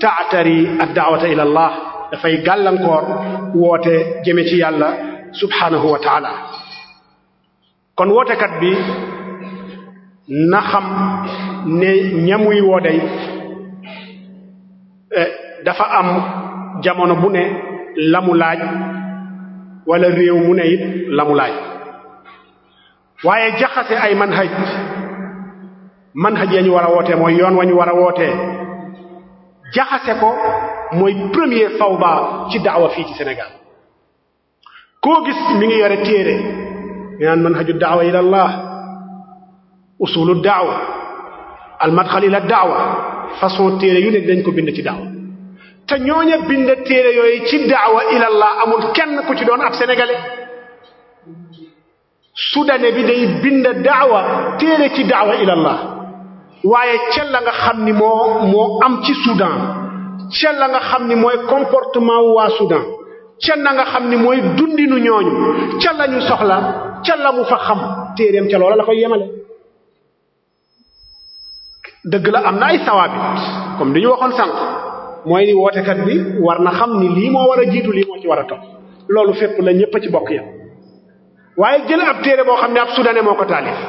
taatari ad daawata ila allah dafay gàllankoor woote jëme ci yàlla subhanahu wa taala kon wootekat bi naxam xam ne ñamuy woodey eh, dafa am jamono bu ne la mu laaj wala réew mu ne it la laaj waaye jaxase ay manhaj manhaj ya ñu war a wootee mooy yoon wa war a wootee jaxase ko mooy premier fawba ci daawa fii ci Sénégal koo gis mi ngi yore téere ñu naan manhaju daawa ila allah usulu daawa almadxal ila daawa façon téere yu ne dañ ko bind ci daawa te ñooña bind téere yooyu ci daawa ila amul kenn ku ci doon ab sénégalais sudane bi day bind daawa téere ci daawa ila allah waaye ca nga xam ni moo moo am ci Soudan ca nga xam ni mooy comportement waa Soudan ca na nga xam ni mooy dundinu ñooñu ca la soxla ca la mu fa xam téereem ca loola la koy yemale dëgg la am na ay sawaabit comme di ñu waxoon sànq mooy ni wootekat bi war na xam ni lii moo war a jiitu lii moo ci war a topp loolu fépp la ñépp a ci bokk yam waaye jël ab téere boo xam ne ab soudanais moo ko taalif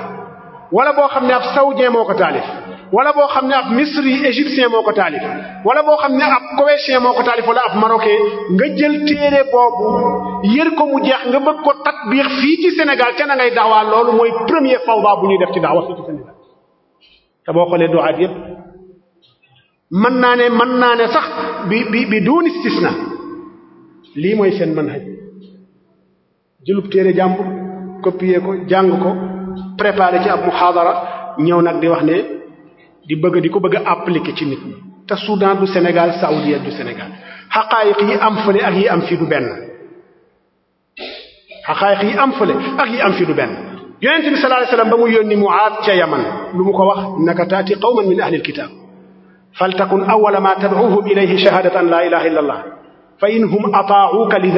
wala boo xam ne ab saoudien moo ko taalif wala boo xam ne ab misri égyptien moo ko taalif wala boo xam ne ab koweïtien moo ko taalif wala ab marocain nga jël téere boobu yér ko mu jeex nga bëgg ko tatbiix fii ci Sénégal te na ngay daawaa loolu mooy premier fawda bu ñuy def ci daawa fii ci Sénégal te boo xoolee duwaat yépp mën naa ne mën naa ne sax bi bi bi duun istisna lii mooy seen manhaj jëlub téere jàmb copier ko jàng ko préparer ci ab muhaadara ñëw nag di wax ne di bëgg di ko bëgg a ci nit ñi te Soudan du Sénégal Saoudia du Sénégal xaqaayiq yi am fële ak yi am fii du benn xaqaayiq yi am fële ak yi am fii du benn yonent bi mu yónni ca Yaman lu mu ko wax innaka taati qawman min ahlil kitaab faltakun awwala ma tad'uuhum ilayhi shahaadatu an laa ilaaha illallah fa in hum ataa'uuka li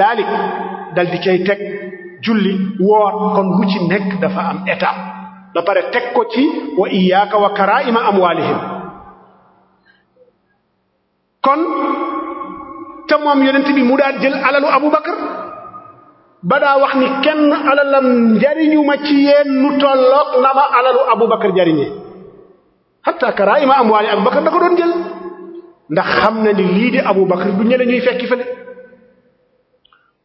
dal di cay teg julli woor kon lu ci nekk dafa am étape ba teg ko ci wa iyaaka wa karaa'ima amwaalihim kon te moom yonent bi mu daa jël alalu Abubakar ba daa wax ni kenn alalam njariñu ma ci yéen lu tolloog na ma alalu Abubakar jariñe hatta karaa'ima amwaali Abubakar da ko doon jël ndax xam na ni lii di abu Abubakar du ñële ñuy fekki fële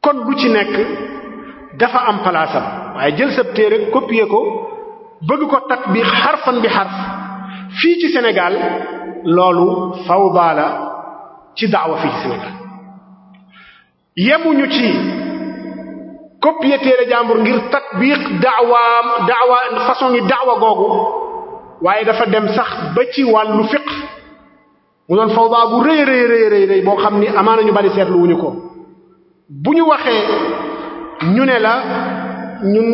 kon bu ci nekk dafa am palaasam waaye jël sa téere copier ko bëgg ko tatbiix xarfan bi xarf fii ci senegaal loolu fawda la ci daawa fii ci Sénégal yemuñu ci copier téere jàmbur ngir tatbiix daawaam daawa façon yi daawa googu waaye dafa dem sax ba ci wàllu fiq mu doon fawda bu rëy rëy rëy rëy xam ni amaana ñu bari seetlu wuñu ko bu ñu waxee ñu ne la ñun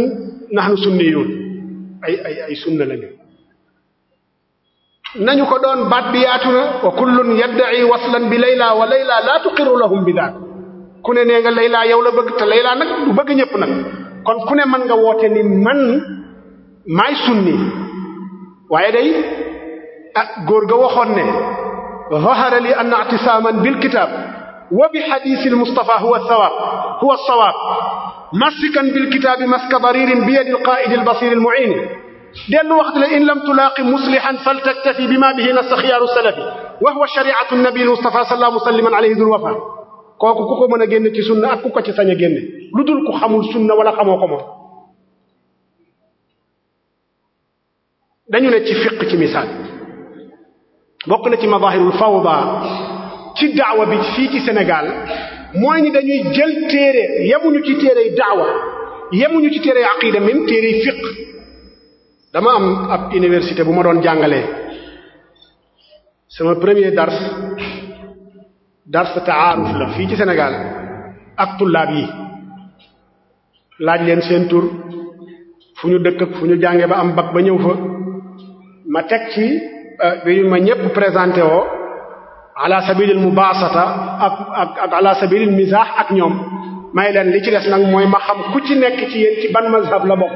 nahnu sunniyun ay ay ay nañu ko doon baat bi yaatu na wa kullun yadda'i waslan bi layla wa layla laa tuqiru lahum bi daal ku ne nee nga layla yow la bëgg te layla nag du bëgg ñépp nag kon ku ne mën nga woote ni man maay sunni waaye day ak ah, góor ga waxoon ne zahara li anna i'tisaaman bil kitaab wa bi hadiisil Mustafa huwa sawaab huwa sawaab massikan bil kitaabi maska daririn bi yadi al qaa'idi al basiir al mu'iin dellu waxtu la in lam tulaaqi muslihan faltaktafi bi ma bihi nassa xiyaaru salafi wa huwa shari'atu nabi mustafa sallallahu salliman alayhi dul wafa kooku ku ko mën a génne ci sunna ak ku ko ci sañ a génne lu dul ku xamul sunna wala xamoo ko moom dañu ne ci fiq ci misaal bokk na ci madaahirul fawda ci daawa bi fii ci Sénégal mooy ni dañuy jël téere yemuñu ci téere yi daawa yemuñu ci téere yi aqida même téere yi fiq dama am ab université bu ma doon jàngalee sama premier dars dars taaruf la fii ci Sénégal ak tullaab yi laaj leen seen tur fu ñu dëkk fu ñu jàngee ba am bac ba ñëw fa ma teg ci euh, bi ma ñëpp présenté woo ala sabilil mubaasata ak ak ak ala sabilil mizaax ak ñoom may leen li ci des nag mooy maxam xam ku ci nekk ci yéen ci ban mazhab la bokk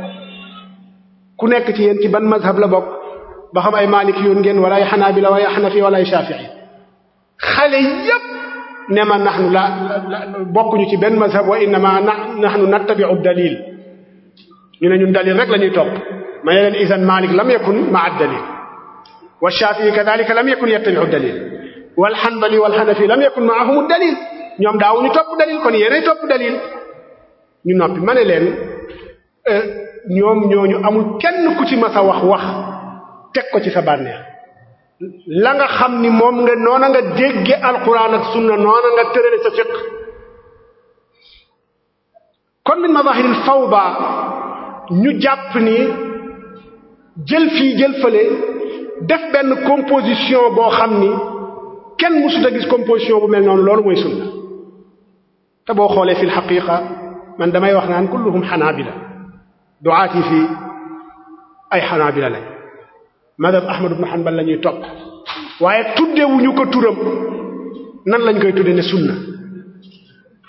ku nekk ci yéen ci ban mazhab la bokk ba ay maalik yoon ngeen wala ay xanaabila wala ay xanafi wala ay shafii xale yépp ne ma naxnu ci benn mazhab wa innama naxnu nattabiu dalil ñu ne ñun dalil rek la ñuy topp ma ne leen isan maalik lam yakun maa dalil wa shafii kadalika lam yakun yattabiu dalil wal xanbali wal xanafi lam yakun maahum dalil ñoom daawuñu topp dalil kon yéenay topp dalil ñu noppi ma leen euh, ñoom ñooñu amul kenn ku ci mas a wax wax teg ko ci sa bànneex la nga xam ni moom nga noona nga dégge alquran ak sunna noona nga tërale sa fiq kon min mazahiril fawda ñu jàpp ni jël fii jël fële def benn composition boo xam ni kenn mësut a gis composition bu mel noonu loolu mooy sunna te boo xoolee fil xaqiqa damay wax naan kulluhum xanaabila duaat yi fii ay xanaabila lañ madhab ahmad ibn hanbal la ñuy topp waaye tuddewuñu ko turam nan lañ koy tudde ne sunna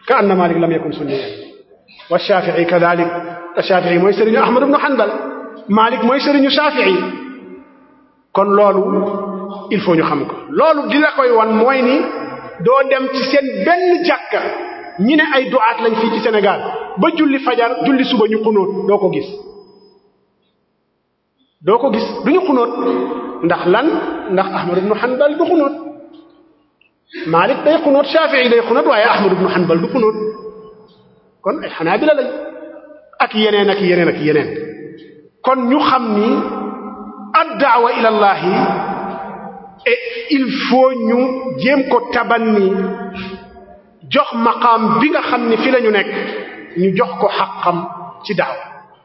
ka anna malik lam yakun sunniyan wa shafii kadalik te shafii mooy sëriñu ahmad ibn hanbal malik mooy sëriñu shafii kon loolu il faut ñu xam ko loolu di la koy wan mooy ni doo dem ci seen benn jàkka ñi ne ay du'aat lañ fii ci Sénégal ba julli fajar julli suba ñu xunóot doo ko gis doo ko gis duñu xunóot ndax lan ndax Ahmad ibn Hanbal du xunóot Malik day xunóot Shafi'i day xunóot waaye Ahmad ibn Hanbal du xunóot kon ay Hanabila lañ ak yeneen ak yeneen ak yeneen kon ñu xam ni ad-da'wa ila Allah et il faut ñu ko taban ni jox maqaam bi nga xam ni fi la nekk ñu jox ko xaqam ci daaw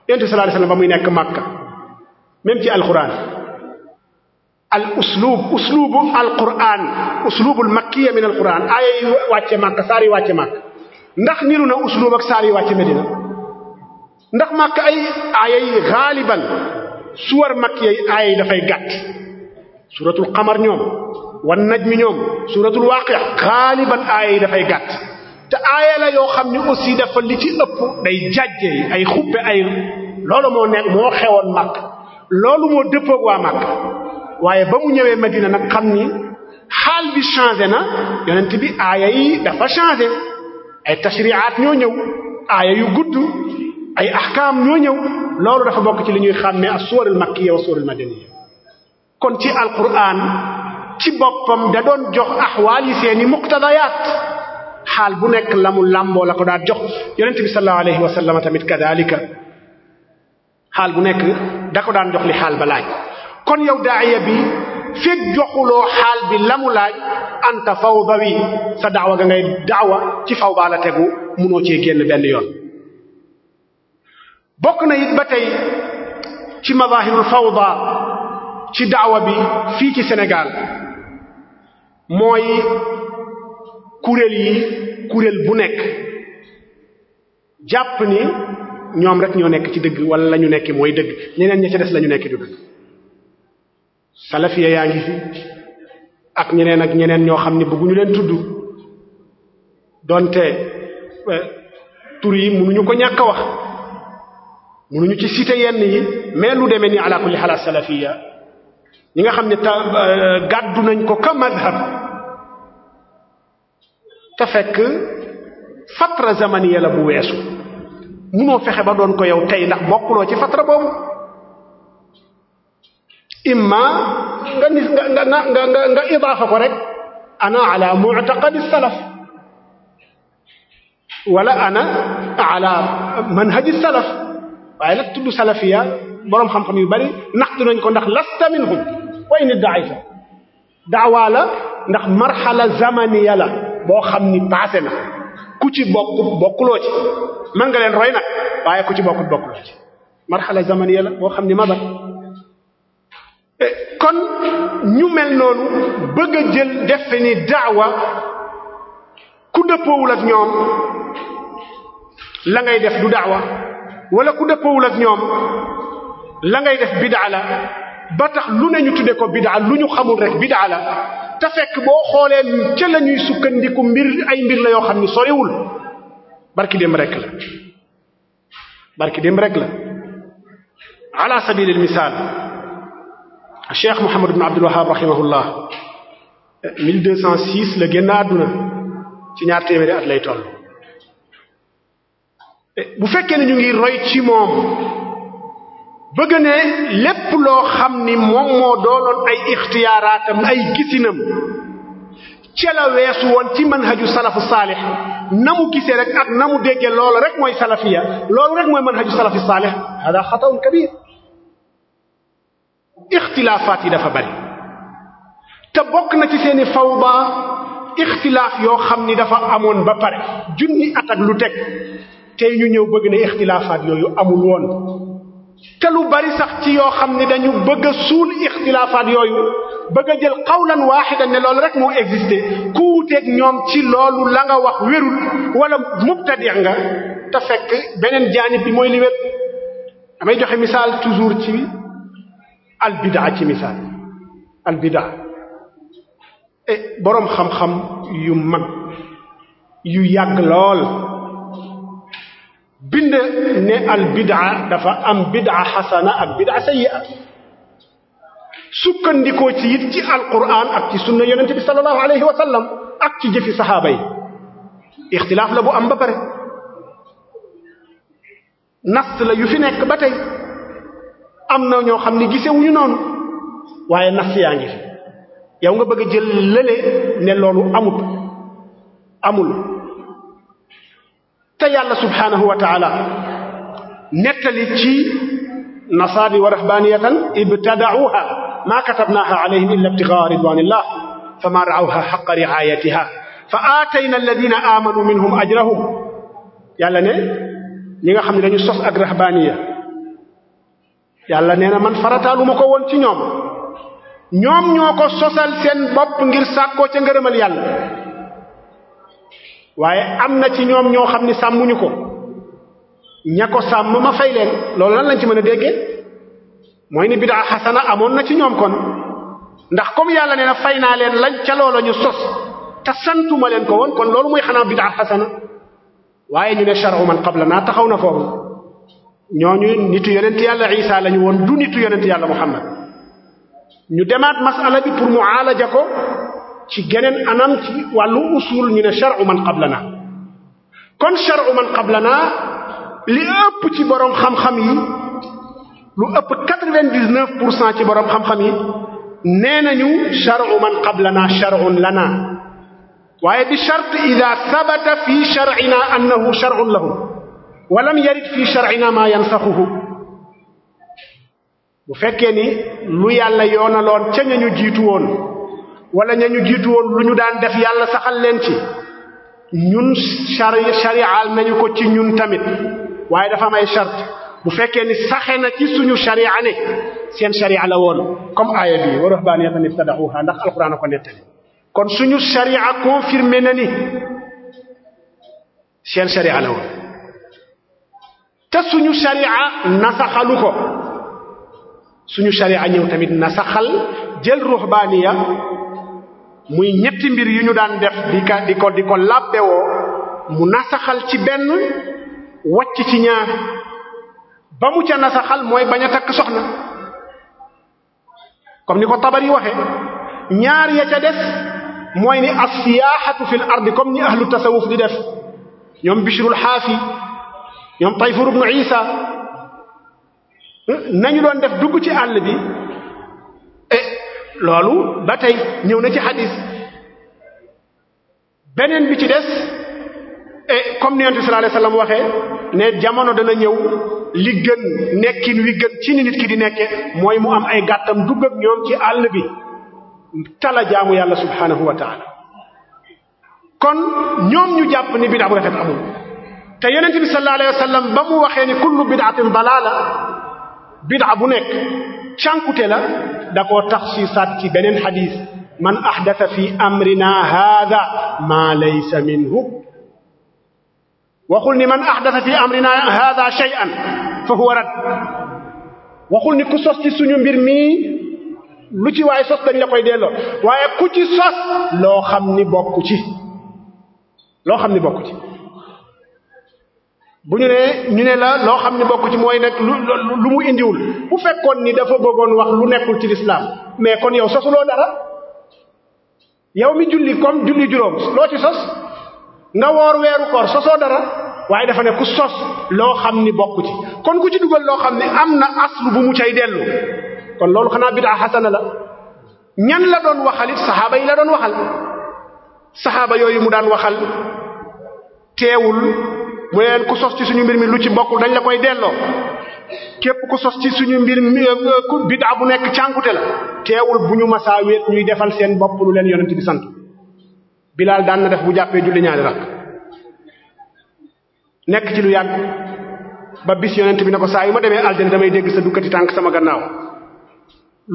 yonent sallallahu alayhi ba muy nekk Makka même ci alquran al uslub uslubu alquran uslubul makkiya min alquran aaya yi wàcce Makka saar yi wàcce ndax niru na uslub ak saar yi Medina ndax Makka ay aaya xaaliban suwar makkiya ay aaya dafay gàtt suratul xamar ñoom wan najmi ñoom suratul waaqia xaaliban aaya yi dafay gàtt te aaya la yoo xam ne aussi dafa li ci ëpp day jàjjee ay xuppe ay loolu moo nekk moo xewoon màkk loolu moo dëppoog waa màkk waaye ba mu ñëwee Madina nag xam ni xaal bi changé na yonent bi aaya yi dafa change ay tashri'at ñoo ñëw aaya yu gudd ay ahkaam ñoo ñëw loolu dafa bokk ci li ñuy xàmmee as-suwarul makkiyya wa suwarul madaniyya kon ci alquran ci boppam da doon jox axwaal yi seeni muqtadayaat xaal bu nekk la mu la ko daan jox yonent bi sallallahu alayhi wa tamit kadalika xaal bu nekk da daan jox li xaal ba laaj kon yow daa bi fekk joxuloo xaal bi lamu mu laaj anta fawdawi sa daawa ga ngay daawa ci faw la tegu munoo cee génn benn yoon bokk na it ba tey ci fawda ci daawa bi fii ci senegaal mooy kuréel yi kuréel bu nekk jàpp ni ñoom rek ñoo nekk ci dëgg wala lañu ñu nekki mooy dégg ñeneen ña ca des la ñu nekki du salafiya yaa ngi ak ñeneen ak ñeneen ñoo xam ne bëgguñu leen tudd donte euh, tur yi mënuñu ko ñàkk wax mënuñu ci citer yenn yi mais lu demee ni ala kulli xalaat salafiya ñi nga xam ne ta euh, gàddu nañ ko ka madhab te fekk fatra zamaniya la bu weesu munoo fexe ba doon ko yow tey ndax bokkuloo ci fatra boobu imma nga nis nga nga nga nga nga idaafa ko rek ana ala mu'taqadi salaf wala ana salaf waaye nag tudd salafiya boroom xam-xam yu bari naxtu nañ ko ndax lasta minhum way in daifa daawaa la ndax marxala zamaniya la boo xam ni passé na ku ci bokk bokkuloo ci mën nga leen roy nag waaye ku ci bokkut bokkuloo ci marxala zamaniya la boo xam ni mabal eh, kon ñu mel noonu bëgg a jël defe ni daawa ku dëppoowul ak ñoom la ngay def du daawa ku dëppoowul ak ñoom ngay def bidaa ba tax lu ne ñu tudde ko bidaa lu ñu xamul rek bidaa la te fekk boo xoolee ca la sukkandiku mbir ay mbir la yoo xam ni soriwul barki dem rek la barki dem rek la ala sabilil misaal cheikh Muhammad ibn Abdul Wahhab la génn àdduna ci ñaar téeméeri at lay toll eh, bu fekkee ne ñu roy ci moom bëgg ne lépp loo xam ni moom moo dooloon ay ixtiyaaraatam ay gisinam ci la woon ci manhaju salafu saalix na mu gisee rek ak na mu dégge lool rek mooy salafiya loolu rek mooy man manhaju salafi saalix hada xata'un kabir ixtilaafaat yi dafa bari te bokk na ci seeni fawda ixtilaaf yoo xam ni dafa amoon ba pare junni at ak lu teg tey ñu ñëw bëgg ne ixtilaafaat yooyu amul woon te lu bari sax ci yoo xam ne dañu bëgg a suul ixtilaafaat yooyu bëgg a jël xawlan waaxidan ne loolu rek moo existé ku wuuteeg ñoom ci loolu la nga wax wérul walla mubtadi nga te fekk beneen jaanib bi mooy li wér damay joxe misaal toujours ci albidaa ci misaal albidaa e boroom xam-xam yu mag yu yàgg lool bind ne al bidaa dafa am bidaa xasana ak bidaa sayyi'a sukkandikoo ci it ci alquran ak ci sunna yonent bi sallallahu alayhi wa ak ci jëfi saxaaba yi ixtilaaf la bu am ba pare nas la yu fi nekk ba tey am na ñoo xam ne gisewuñu noonu waaye nas yaa ngi fi yow nga bëgg a jël lële ne loolu amut amul te yàlla subhaanahu wa taala nettali ci nasaabi wa rahbaaniyatan ibtada'uha maa katabnaaha alayhim illa ibtighaa ridwaanillah famaa ra'awha haqqa ri'aayatiha fa aatayna alladina aamanu minhum ajrahum yàlla ne ñi nga xam ne dañu sos ak rahbaaniya yàlla nee na man farataalu ma ko woon ci ñoom ñoom ñoo ko sosal seen bopp ngir sàkkoo ca ngërëmal yàlla waaye am na ci ñoom ñoo xam ni sàmmuñu ko ña ko sàmm ma fay leen loolu lan lañ ci mën a déggee mooy ni bidaa xasana amoon na ci ñoom kon ndax comme yàlla nee na fay naa leen lañ ca loola ñu sos te santuma leen ko woon kon loolu mooy xanaa bidaa xasana waaye ñu ne charu man qabla naa taxaw na foofu ñooñu nitu yonent yàlla isa lañu woon du nitu yonent yàlla muhammad ñu demaat masala bi pour mu aalaja ko ci geneen anam ci wàllu usul ñu ne charu man qablana kon charu man qablana li ëpp ci boroom xam-xam yi lu ëpp quatre pour cent ci boroom xam-xam yi nee nañu charu man qablana charun lana waaye bi charte ida sabata fi charina annahu charun lahu wa lam yarid fi charina maa yansaxuhu bu fekkee ni lu yàlla yoonaloon ca ñañu jiitu woon wala ña ñu jiitu woon lu ñu daan def yàlla saxal leen ci ñun sari sariyaal nañu ko ci ñun tamit waaye dafa am ay charte bu fekkee ni saxe na ci suñu sariya ne seen sariya la woon comme aaya bi wa ruhbaaniyatan ibtadaxuha ndax alxuraan ko nettali kon suñu sariya confirmé na ni seen sariya la woon te suñu sariya nasaxalu ko suñu sariya ñëw tamit nasaxal jël ruhbaaniya muy ñetti mbir yu ñu daan def di ka di ko di ko làbbewoo mu nasaxal ci benn wàcc ci ñaar ba mu ca nasaxal mooy bañ a takk soxna comme ni ko tabar yi waxe ñaar ya ca des mooy ni as-siyaaxatu fil ardi comme ni ahlu tasawuf di def ñoom bishrul xaafi ñoom tayfur ibnu isa hmm? nañu doon def dugg ci àll bi loolu ba tey ñëw na ci xadis beneen bi ci des et eh, comme ni yonent bi sallallahu alayhi wasallam waxee ne jamono dana ñëw li gën nekkin wi gën ci ni nit ki di nekke mooy mu am ay gàttam dugg ak ñoom ci àll bi tala jaamu yàlla subhaanahu wa taala kon ñoom ñu jàpp ni bid'a bu rafet amul te yonent bi sallallahu alayhi ba mu waxee ni kullu bid'atin dalaala bid'a bu nekk cànkute la da koo taxsiisaat ci beneen xadis man ahdata fi amrina haada maa laysa minhu waxul ni man ahdata fi amrina haada shay'an fa huwa rad waxul ni ku sos ci suñu mbir mii lu ci waaye sos dañ la koy delloo waaye ku ci sos loo xam ni bokku ci loo xam ni bokku ci bu ñu nee ñu ne la loo xam ne bokk ci mooy nekk lu lu mu indiwul bu fekkoon ni dafa bëggoon wax lu nekkul ci lislaam mais kon yow sosuloo dara yow mi julli kon julli juróom loo ci sos nga woor weeru koor sosoo dara waaye dafa ne ku sos loo xam ni bokku kon ku ci dugal loo xam ne am na aslu bu mu cay dellu kon loolu xanaa bidaa xasana la ñan la doon waxal it saxaaba yi la doon waxal saxaaba yooyu mu daan waxal teewul bu leen ku sos ci suñu mbir mi lu ci bokkul dañ la koy delloo képp ku sos ci suñu mbir mi euh, euh, ku biddaa bu nekk cànkute la teewul bu ñu masaa ñuy defal seen bopp lu leen yonent bi sant bilaal daan def bu jàppee julli ñaari rakk nekk ci lu yàgg bi ne ko saa yu ma demee aljana damay dégg sa dukkati tànk sama gannaaw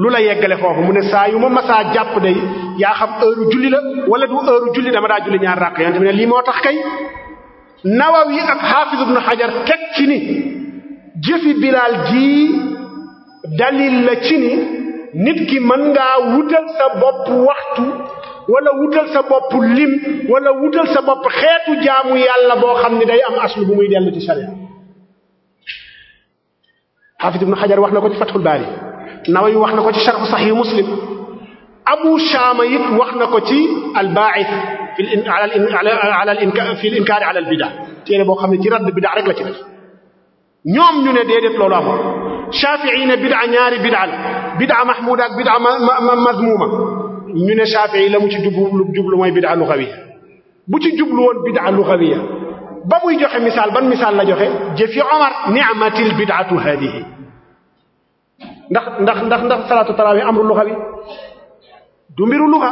lu la yeggale foofu mu ne saa yu ma masaa jàpp day yaa xam heure julli la wala du heure julli dama daa julli ñaar rakk yonent bi ne lii moo tax kay nawawi ak xaafiz ibnu xajar teg ci ni jëfi bilaal jii dalil la ci ni nit ki mën ngaa wutal sa bopp waxtu wala wutal sa bopp lim wala wutal sa bopp xeetu jaamu yàlla boo xam ne day am aslu bu muy dellu ci sharia xaafis ibnu xajar wax na ko ci fathul baari nawawi wax na ko ci sharxu saxiix muslim abu shaama it wax na ko ci al fi l inkaari ala al bida téere boo xam ne ci radd bida rek la ci def ñoom ñu ne déedéet loolu amul Shafi'i ne bida ñaari bida la bida mahmuda ak bida mazmuma ñu ne Shafi'i la mu ci jublu jublu mooy bida lughawiyya bu ci jublu woon bida lughawiyya ba muy joxe misaal ban misaal la joxe jëfi Omar ni'matil bid'atu hadihi ndax ndax ndax ndax salaatu tarawih amru lughawi du mbiru lugha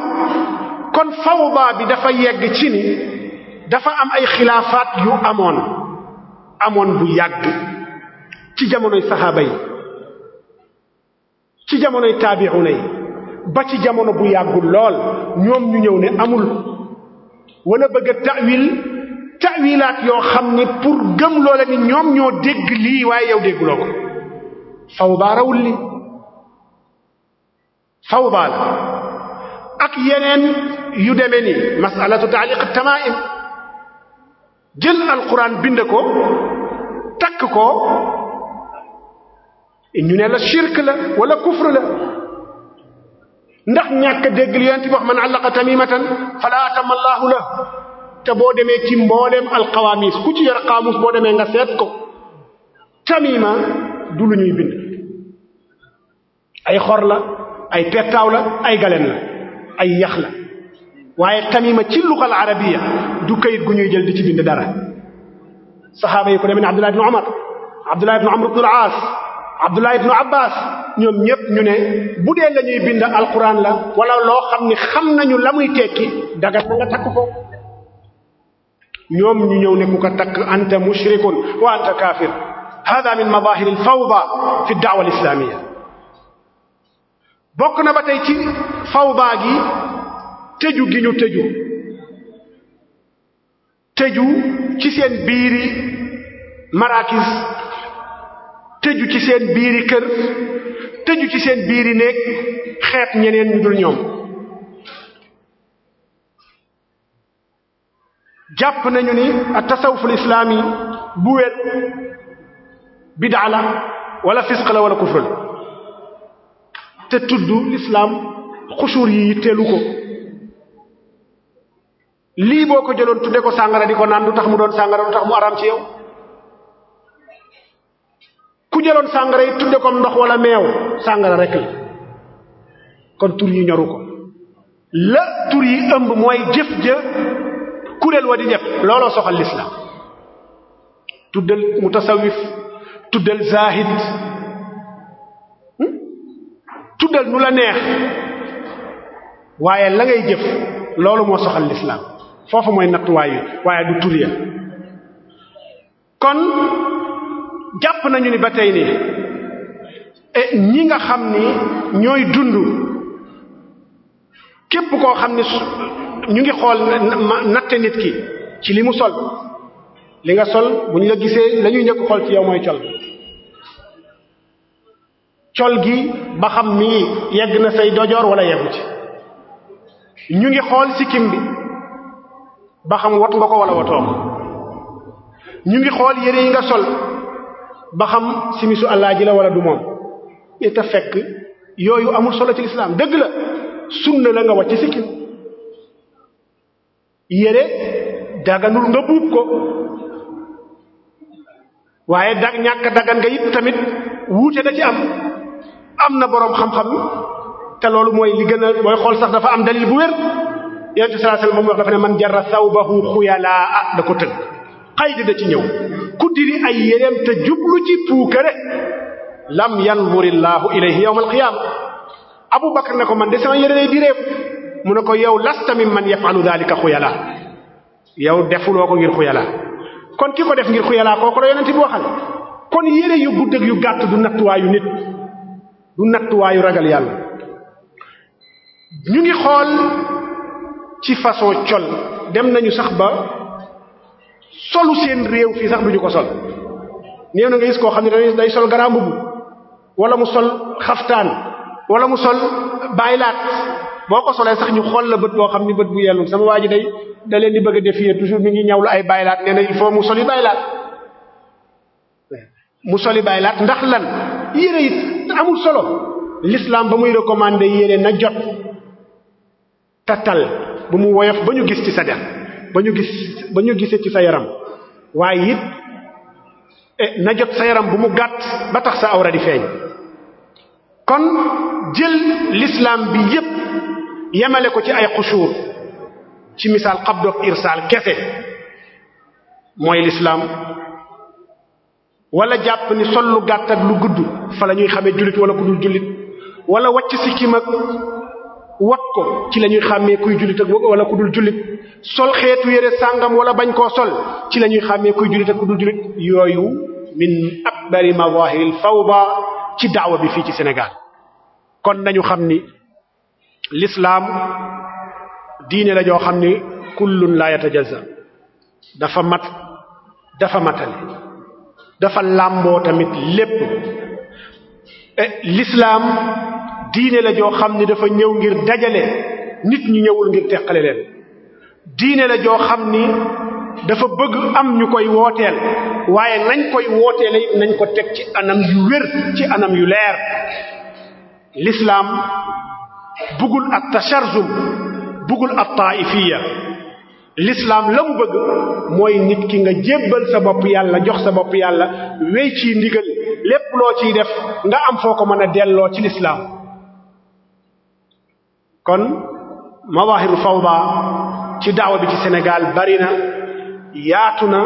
kon fawda bi dafa yegg ci ni dafa am ay xilaafaat yu amoon amoon bu yàgg ci jamonoy saxaaba ci jamonoy taabi'una ba ci jamono bu yàggul lool ñoom ñu ñëw ne amul wala bëgg a ta'wil ta'wilaat yoo xam ni pour gëm loola ni ñoom ñoo dégg lii waaye yow dégguloo ko fawda rawul li fawda ak yeneen yu demee nii masalatu taaliq tamaim jël alquran bind ko takk ko ñu ne la shirk la wala kufr la ndax ñàkk dégg li yonent bi wax man allaqa tamimatan fala atama allahu la te boo demee ci mbooleem alqawaamis ku ci yor qaamus boo demee nga seet ko tamima du lu ñuy bind ay xor la ay pettaaw la ay galen la ay yax la waaye tamima ci luxal arabiya du kayit gu ñuy jël ci bind dara saxaaba yi ko demee ne Abdullah ibn Umar Abdullah ibn Amr ibn al-As Abdullah ibn Abbas ñoom ñépp ñu ne bu dee lañuy ñuy bind alquran la wala loo xam ne xam nañu la muy tekki daga na takk ko ñoom ñu ñëw ne ku ko takk anta wa anta kafir hada min madahir al-fawda fi ad-da'wa al-islamiyya bokk na ba tey ci fawdaa gi tëju gi ñu tëju tëju ci seen biiri marakis tëju ci seen biiri kër tëju ci seen biir yi nekk xeet ñeneen ñu dul ñoom jàpp nañu ni a tasawuful islaami bu wet bidaa la wala fisq la te tudd l'islam xusuur yi yitteelu ko lii boo ko jëloon tudde ko sàngara di ko naan du tax mu doon sàngara du tax mu araam ci yow ku jëloon sàngara yi tudde ko ndox wala meew sàngara rek la kon tur yi ñoru ko la tur yi ëmb mooy jëf ja kuréel wa di jëf looloo soxal l'islam tuddal mutasawif tuddal zahid tuddal nu la neex waaye la ngay jëf loolu moo soxal lislaam foofu mooy nattuwaayu waaye du tur kon jàpp nañu ni ba tey nii eh, ñi nga xam ni ñooy dund képp koo xam ni ñu ngi xool natte nit ki ci li mu sol li nga sol bu ñu la gisee la ñuy njëkk xool ci yow mooy col col gi ba xam mi yegg na say dojoor wala yeggu ci ñu ngi xool sikkim bi ba xam wat nga ko wala watoo ko ñu ngi xool yére yi nga sol ba xam simisu allah ji la wala du moom yooyu amul solo ci lislaam dëgg la sunna la nga wàcc sikkim yére daganul nga buub ko waaye dag ñàkk dagan nga it tamit wuute da ci am am na boroom xam-xam te loolu mooy li gën a booy xool sax dafa am dalil bu wér yonent bi sallallahu alayhi wasallam moom wax dafa ne man jarra sawbahu xuyalaa ah, da ko tënk xay da ci ñëw ku diri ay yéreem te jublu ci puukare lam yan yanzurillaahu ilayhi yawmal qiyaama Abu Bakr ne ko man de sama yére lay direeku mu ne ko yow lasta mimman yaf'alu dhalika xuyalaa yow defuloo ko ngir xuyalaa kon ki ko def ngir xuyalaa kooku la yonent bi waxal kon yére yu gudd ak yu gàtt du nattuwaayu nit du nattuwaayu ragal yàlla ñu ngi xool ci façon col dem nañu sax ba solu seen réew fii sax ñu ko sol néew na nga gis koo xam ne day sol grand mbubb wala mu sol xaftaan wala mu sol baylaat boo ko solee sax ñu xool la bët boo xam ni bët bu yellul sama waa ji day da leen di bëgg a défier toujours mi ngi ñaw lu ay baylaat nee na il faut mu soli baylaat mu soli baylaat ndax lan yére it amul solo l'islam ba muy recommandé yére na jot tatal bu mu woyof ba ñu gis ci sa der ba ñu gis gisee ci sa yaram waaye it eh, na jot sa yaram bu mu gàtt ba tax sa awra di feeñ kon jël l'islam bi yépp yemale ko ci ay xusuur ci misaal qabdoog irsaal kese mooy l'islam wala jàpp ni sol lu gàtt ak lu gudd fa la ñuy xamee jullit wala ku dul jullit wala wacc sikkim ak wat ko ci la ñuy xàmmee kuy jullit ak wala ku dul jullit sol xeetu yére sàngam wala bañ koo sol ci la ñuy xàmmee kuy jullit ak ku dul jullit yooyu min akbari mazahiril fawda ci daawa bi fii ci Sénégal kon nañu xam ni l'islam diine la joo xam ni kullun la yatajaza dafa mat dafa matale dafa làmboo tamit lépp eh, lislaam diine la joo xam ni dafa ñëw ngir dajale nit ñu ñëwul ngir teqale leen diine la joo xam ni dafa bëgg am ñu koy wooteel waaye nañ koy wooteele nañ ko teg ci anam yu wér ci anam yu leer lislaam bëggul at tasharzum bëggul at taifiya lislaam la mu bëgg mooy nit ki nga jébbal sa bopp yàlla jox sa bopp yàlla wéy ci ndigal lépp loo ciy def nga am foo ko mën a delloo ci l'islam kon Mawahibou Fawda ci daawa bi ci Sénégal bari na yaatu na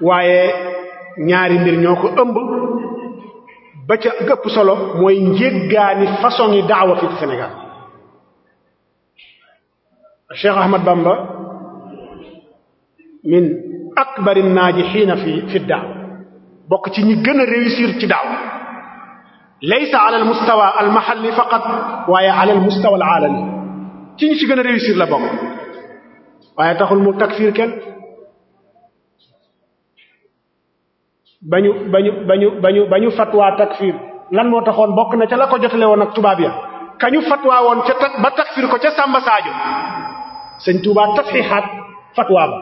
waaye ñaari mbir ñoo ko ëmb ba ca ëpp solo mooy njéggaani façon yi daawa fii ci Sénégal Cheikh Ahmad Bamba min akbari naajixiina fi fi daaw bokk ci ñi gën a réussir ci daaw laysa ala al mustawa al mahalli faqat waaye ala al mustawa al aalami ci ñi ci gën a réussir la bokk waaye taxul mu takfiir kenn bañu bañu bañu bañu bañu fatwa takfiir lan moo taxoon bokk na ca la ko jotale woon ak tubaab ya kañu fatwa woon ca ba takfiir ko ca Samba Sadio sëñ Touba tasxiixaat fatwa ba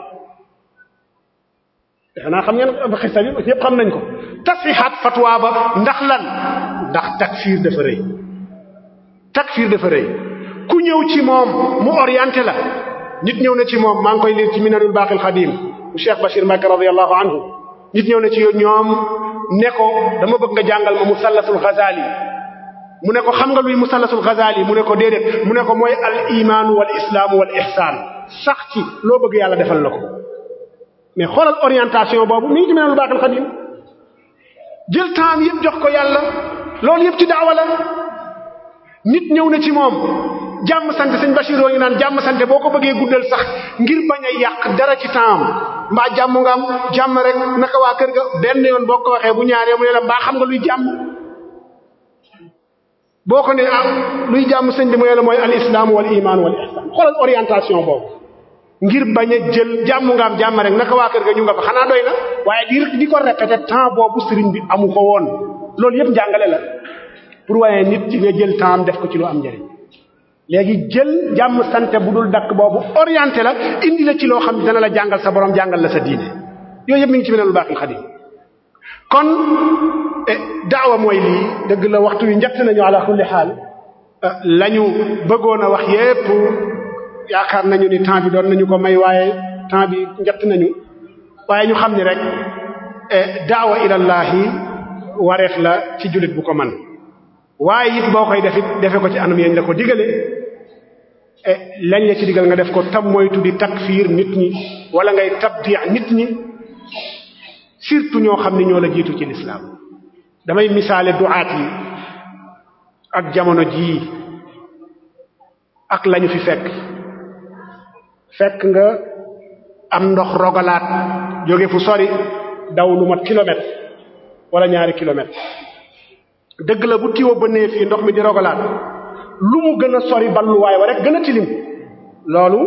xam ngeen xista bi nañ ko tasxiixaat fatwa ba ndax lan ndax takfiir dafa rëy takfiir dafa rëy ku ñëw ci moom mu orienté la nit ñëw na ci moom maa ngi koy liir ci minanul baaxil xadim bu Cheikh Bachir Mbacké radiyallahu anhu nit ñëw na ci ñoom ne dama bëgg nga jàngal ma musallasul Ghazali mu ne ko xam nga luy musallasul Ghazali mu ne ko déedéet mu ne ko mooy al imaanu wal islaamu wal ihsaan sax ci loo bëgg yàlla defal la ko mais xoolal orientation boobu mi ngi ci mel lu baaxul xadim jël temps yëpp jox ko yàlla loolu yëpp ci daawa la nit ñëw na ci moom jàmm sant sëñ Bachir ñu naan jàmm sante boo ko bëggee guddal sax ngir bañ a yàq dara ci temps mbaa jàmm nga am jàmm rek naka waa kër ga benn yoon boo ko waxee bu ñaaree mu la mbaa xam nga luy jàmm. boo ko nee ah luy jàmm sëñ bi mooy la mooy al islam wal iman wal ihsan xoolal orientation boobu ngir bañ a jël jàmm nga am jàmm rek naka waa kër ga ñu nga fa xanaa doy na waaye di di ko répété temps boobu sëriñ bi amu ko woon loolu yëpp njàngale la pour waaye nit ci nga jël temps am def ko ci loo am njëriñ léegi jël jàmm sante bu dul dakk boobu orienté la indi la ci loo xam dana la jàngal sa borom jàngal la sa diine yooyu yëpp mi ngi ci beneen lu baaxil xadim kon eh, daawa mooy lii dëgg la waxtu wi njëkk nañu ala kulli xaal eh, la bëggoon a wax yépp yaakaar nañu ni temps bi doon nañu ko may waaye temps bi njëkk nañu waaye ñu xam ni rek eh, daawa ilallaahi wareef la ci jullit bu ko man waaye it boo koy def it defe ko ci anam yéen la ko digale lañ la ci digal nga def ko tam moytu di takfiir nit ñi wala ngay tabdiya nit ñi surtout ñoo xam ne ñoo la jiitu ci lislaam damay misaale duaat yi ak jamono jii ak lañu fi fekk fekk nga am ndox rogalaat jóge fu sori daw lu mat kilomètre wala ñaari kilomètre dëgg la bu tiwo bënnee fii ndox mi di rogalaat lu mu gën a sori balluwaay wa rek gën a tilim loolu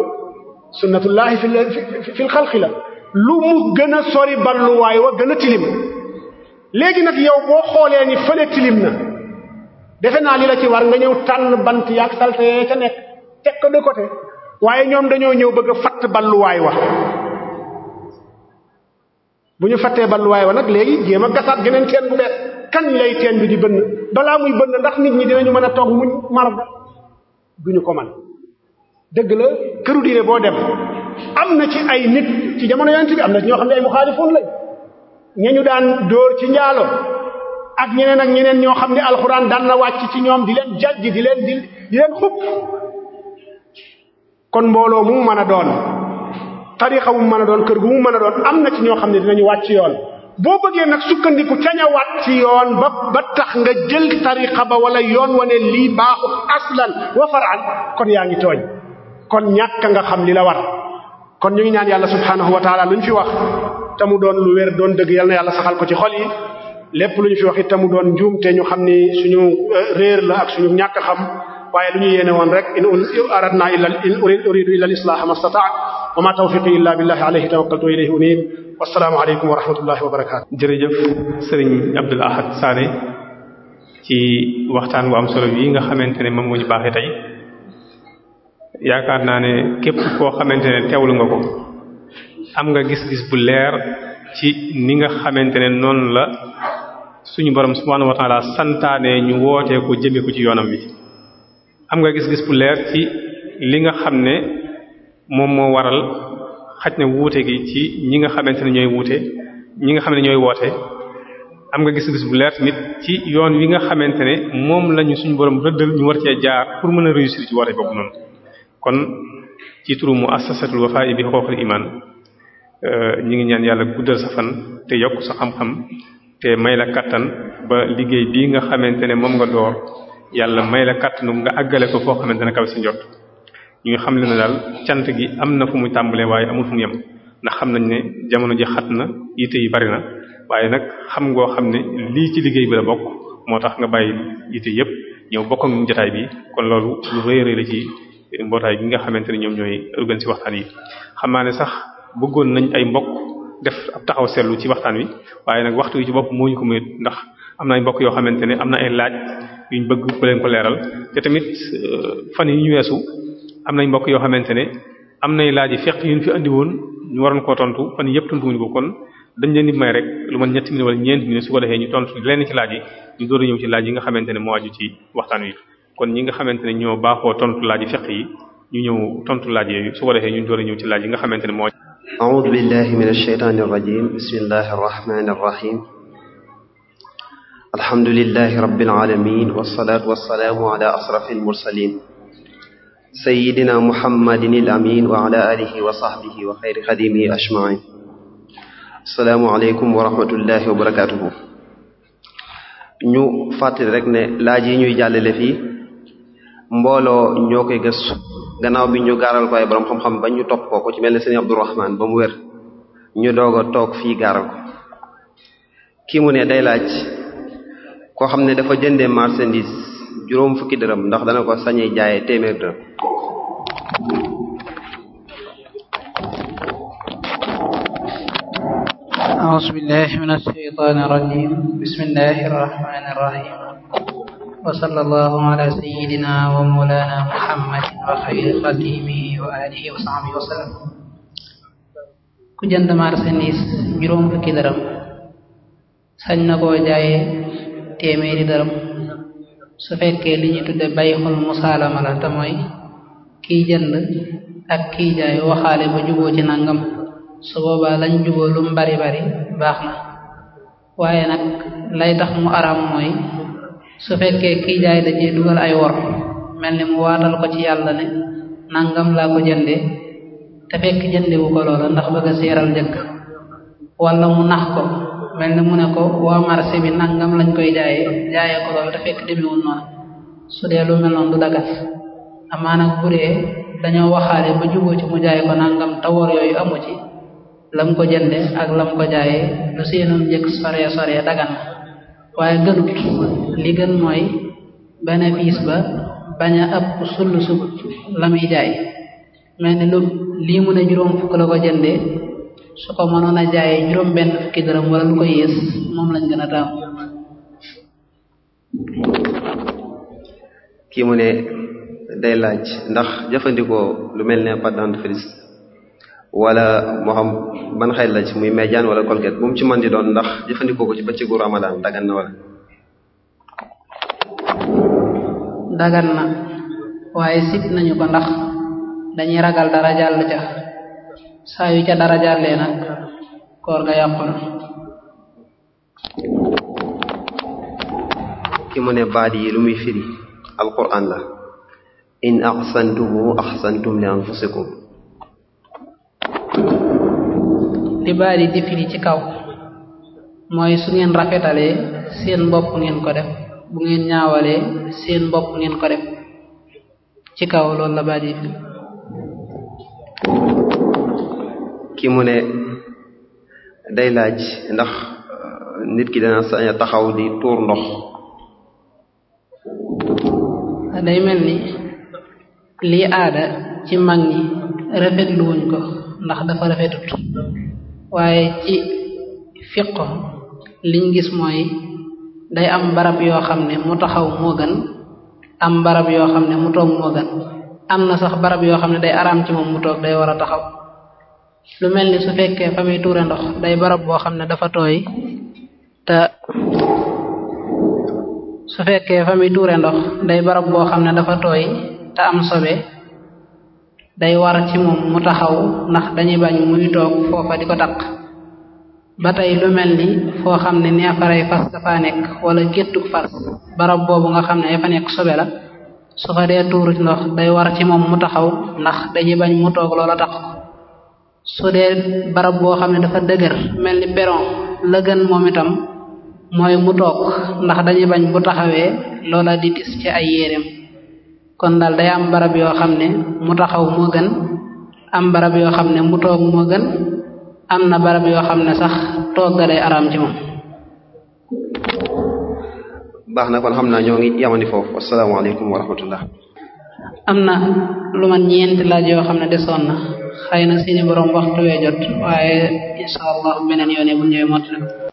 sunnatullahi fi fi fil xalqi la lu mu gën a sori balluwaay wa gën a tilim léegi nag yow boo xoolee ni fële tilim na defe naa li la ci war nga ñëw tànn bant yaak salte yee ca nekk teg ko de waaye ñoom dañoo ñëw bëgg a fatt balluwaay wa bu ñu fattee balluwaay wa nag léegi jéem a gasaat geneen teen bu bees kan lay teen bi di bënn balaa muy bënn ndax nit ñi dinañu mën a togg muñ mar duñu ko man dëgg la këru diine boo dem am na ci ay nit ci jamono yonent bi am na ci ñoo xam ne ay muxaalifoon lañ ñu daan dóor ci njaalo ak ñeneen ak ñeneen ñoo xam ne alxuraan daan na wàcc ci ñoom di leen jajj di leen di di leen kon mbooloo mu mën a doon tarixa mu mën doon kër gu mu mën a doon am na ci ñoo xam ne dinañu wàcc yoon boo bëggee nag sukkandiku ca a wàcc ci yoon ba ba tax nga jël tarixa ba wala yoon wane lii baaxut aslan wa faraan kon yaa ngi tooñ kon ñàkk nga xam li la war kon ñu ngi ñaan yàlla subhaanahu wa taala lu ñu fi wax te mu doon lu wér doon dëgg yal na yàlla saxal ko ci xol yi lépp lu ñu fi wax it te doon njuum te ñu xam ni ñu euh, réer la ak suñu ñàkk xam waaye lu ñu yéene woon rek in aradna illa in uridu illa al-islaha mastata'a wa ma tawfiqi illa billahi alayhi tawakkaltu ilayhi unib wassalaamu alaykum wa rahmatullahi wa barakatuh jërëjëf sëriñ Abdul Ahad Sané ci waxtaan bu am solo yi nga xamante ne moom moo ñu baaxee yaakaar naa ne képp koo xamante ne teewlu nga ko am nga gis-gis bu leer ci ni nga xamante ne noonu la suñu borom subhaanahu wa ta'ala santaane ñu wootee ko jëmee ko ci yoonam bi am nga gis-gis bu leer ci li nga xam ne moom moo waral xaj na wuute gi ci ñi nga xamante ne ñooy wuute ñi nga xam ne ñooy woote am nga gis-gis bu leer tamit ci yoon wi nga xamante ne moom lañu suñu borom rëddal ñu war cee jaar pour mën a réussir ci woote boobu noonu kon ci turu mu assasatul wafa'i bi xooxal iman euh, ñi ngi ñaan yàlla guddal sa fan te yokk sa xam-xam te may la kattan ba liggéey bi nga xamante ne moom nga door yàlla may la kattanu nga àggale ko foo xamante ne kaw si njot ñu xam le ne daal cant gi am na fu mu tàmbalee waaye amul fu mu yem ndax xam nañ ne jamono ji xat na yitte yi bari na waaye nag xam ngoo xam ne lii ci liggéey bi la bokk moo tax nga bàyyi yitte yépp ñëw bokk ak jotaay bi kon mbootaay bi nga xamante ne ñoom ñooy organiser waxtaan yi xam naa ne sax bëggoon nañ ay mbokk def ab taxaw seetlu ci waxtaan wi waaye nag waxtu wi ci bopp moo ñu ko mayut ndax am na ay mbokk yoo xamante ne am na ay laaj yu ñu bëgg ku ko leeral te tamit euh, fan yi ñu weesu am nañ mbokk yoo xamante ne am nay laaj yi fekk yu ñu fi andi woon ñu waroon koo tontu fan yëpp tontu ñu ko kon dañ leen di may rek lu man ñetti minutes wala ñeenti minutes su ko defee ñu tontu lenn ci laaj yi ñu door a ñëw ci laaj yi nga xamante ne moo aju ci waxtaan wi. kon ñi nga xamante ne ñoo baaxoo tontu laaj fiq yi ñu ñëw tontu laaj yooyu su ko ñu door a ñëw ci laaj yi nga xamante ne moo. a'uudu billahi minash shaytaanir rajiim bismillahir rahmaanir rahiim alhamdulillahi rabbil aalamiin wassalaatu wassalaamu ala ashrafil mursaliin sayyidina muhammadinil amiin wa ala wa sahbihi wa xayri xadimihi ajmaiin assalaamu wa rahmatullahi ñu fàttali rek ne laaj yi ñuy jàllale fii mbooloo ñoo koy gëstu gannaaw bi ñu gaaral ko ay borom xam-xam ba ñu topp ko ku ci mel ne sëriñ Abdourahman ba mu wér ñu doog a toog fii gaaral ko kii mu ne day laaj koo xam ne dafa jëndee marchandise juróom fukki dërëm ndax dana ko sañee jaayee téeméer dërëm bismillahir rahmaanir rahiim وصلى الله على سيدنا ومولانا محمد وخير خاتمه وآله وصحبه وسلم ku jënd marché niis juróom fukki dërëm sañ na koo jaaye téeméeri dërëm su fekkee li ñu tudde bayxul musaalama la te mooy kiy jënd ak ki jaay waxaale ba juboo ci nangam su boobaa lañ juboo lu bari bari baax na waaye nag lay tax mu araam mooy su fekkee kii jaay da ci ay wor mel ni mu waatal ko ci yàlla ne nangam laa ko jënde te fekk jënde wu ko loola ndax bëgg a seeral jëkk wala mu nax ko mel ni mu ne ko waa marché nangam lañ koy jaaye jaaye ko loola te fekk demewul noonu su dee lu mel noonu du dagat amaa nag dañoo waxaale ba juboo ci mu jaay ko nangam te wor yooyu amu ci lam ko jënde ak lam ko jaaye lu seenoon jëkk sore sore dagan waaye gënut li gën mooy bénéfice ba bañ a ab sull sub la jaay mel ni lu lii mu ne juróom fukk la ko jëndee su ko mënoon a juróom benn fukki dërëm wala lu ko yées moom lañ gën a taamu kii mu ne day laaj ndax jëfandikoo lu mel ne pâte dentifrice wala moo xam ban xeet la ci muy médiane wala colgate bu mu ci mën di doon ndax jëfandikoo ko ci bëccëgu ramadan dagan na wala dagan na waaye sit nañu ko ndax dañuy ragal dara jàll ca saa yu ca dara jàllee nag koor ga yàqu ki mu ne baat yi lu muy firi la in axsantumu axsantum li anfusikum libaal yi di firi ci kaw mooy su ngeen rafetalee seen bopp ngeen ko def bu ngeen ñaawale seen bopp ngeen ko def ci kaw loolu la baal yi firi mu ne day laaj ndax euh, nit ki dana sañ a taxaw di tuur ndox day mel ni lii aada ci mag ñi rafetlu wuñ ko ndax dafa rafetut waaye ci fiqo liñ gis mooy day am barab yoo xam ne mu taxaw moo gën am barab yoo xam ne mu toog moo gën am na sax barab yoo xam ne day araam ci moom mu toog day war a taxaw lu mel ni su fekkee fa muy ndox day barab boo xam ne dafa tooy te su fekkee fa muy ndox day barab boo xam ne dafa tooy te am sobe day war ci moom mu taxaw ndax dañuy bañ muy toog foofa di ko taq ba tey lu mel ni foo xam ne neefaray fas dafaa nekk wala géttug fas barab boobu nga xam ne dafa nekk sobe la su fa dee tuuru ndox day war ci moom mu taxaw ndax dañuy bañ mu toog loola taq su dee barab boo xam ne dafa dëgër mel ni peron la gën moom itam mooy mu toog ndax dañuy bañ bu taxawee loola di dis ci ay yéreem kon daal day am barab yoo xam ne mu taxaw moo gën am barab yoo xam ne mu toog moo gën am na barab yoo xam ne sax toog ga day araam ci baax na kon xam naa ñoo ngi yamani foofu asalaamaaleykum wa rahmatullah am na lu man ñeenti laaj yoo xam ne desoon na xëy na seeni borom waxtu wee jot waaye incha allah beneen yoon bu ñëwee mottali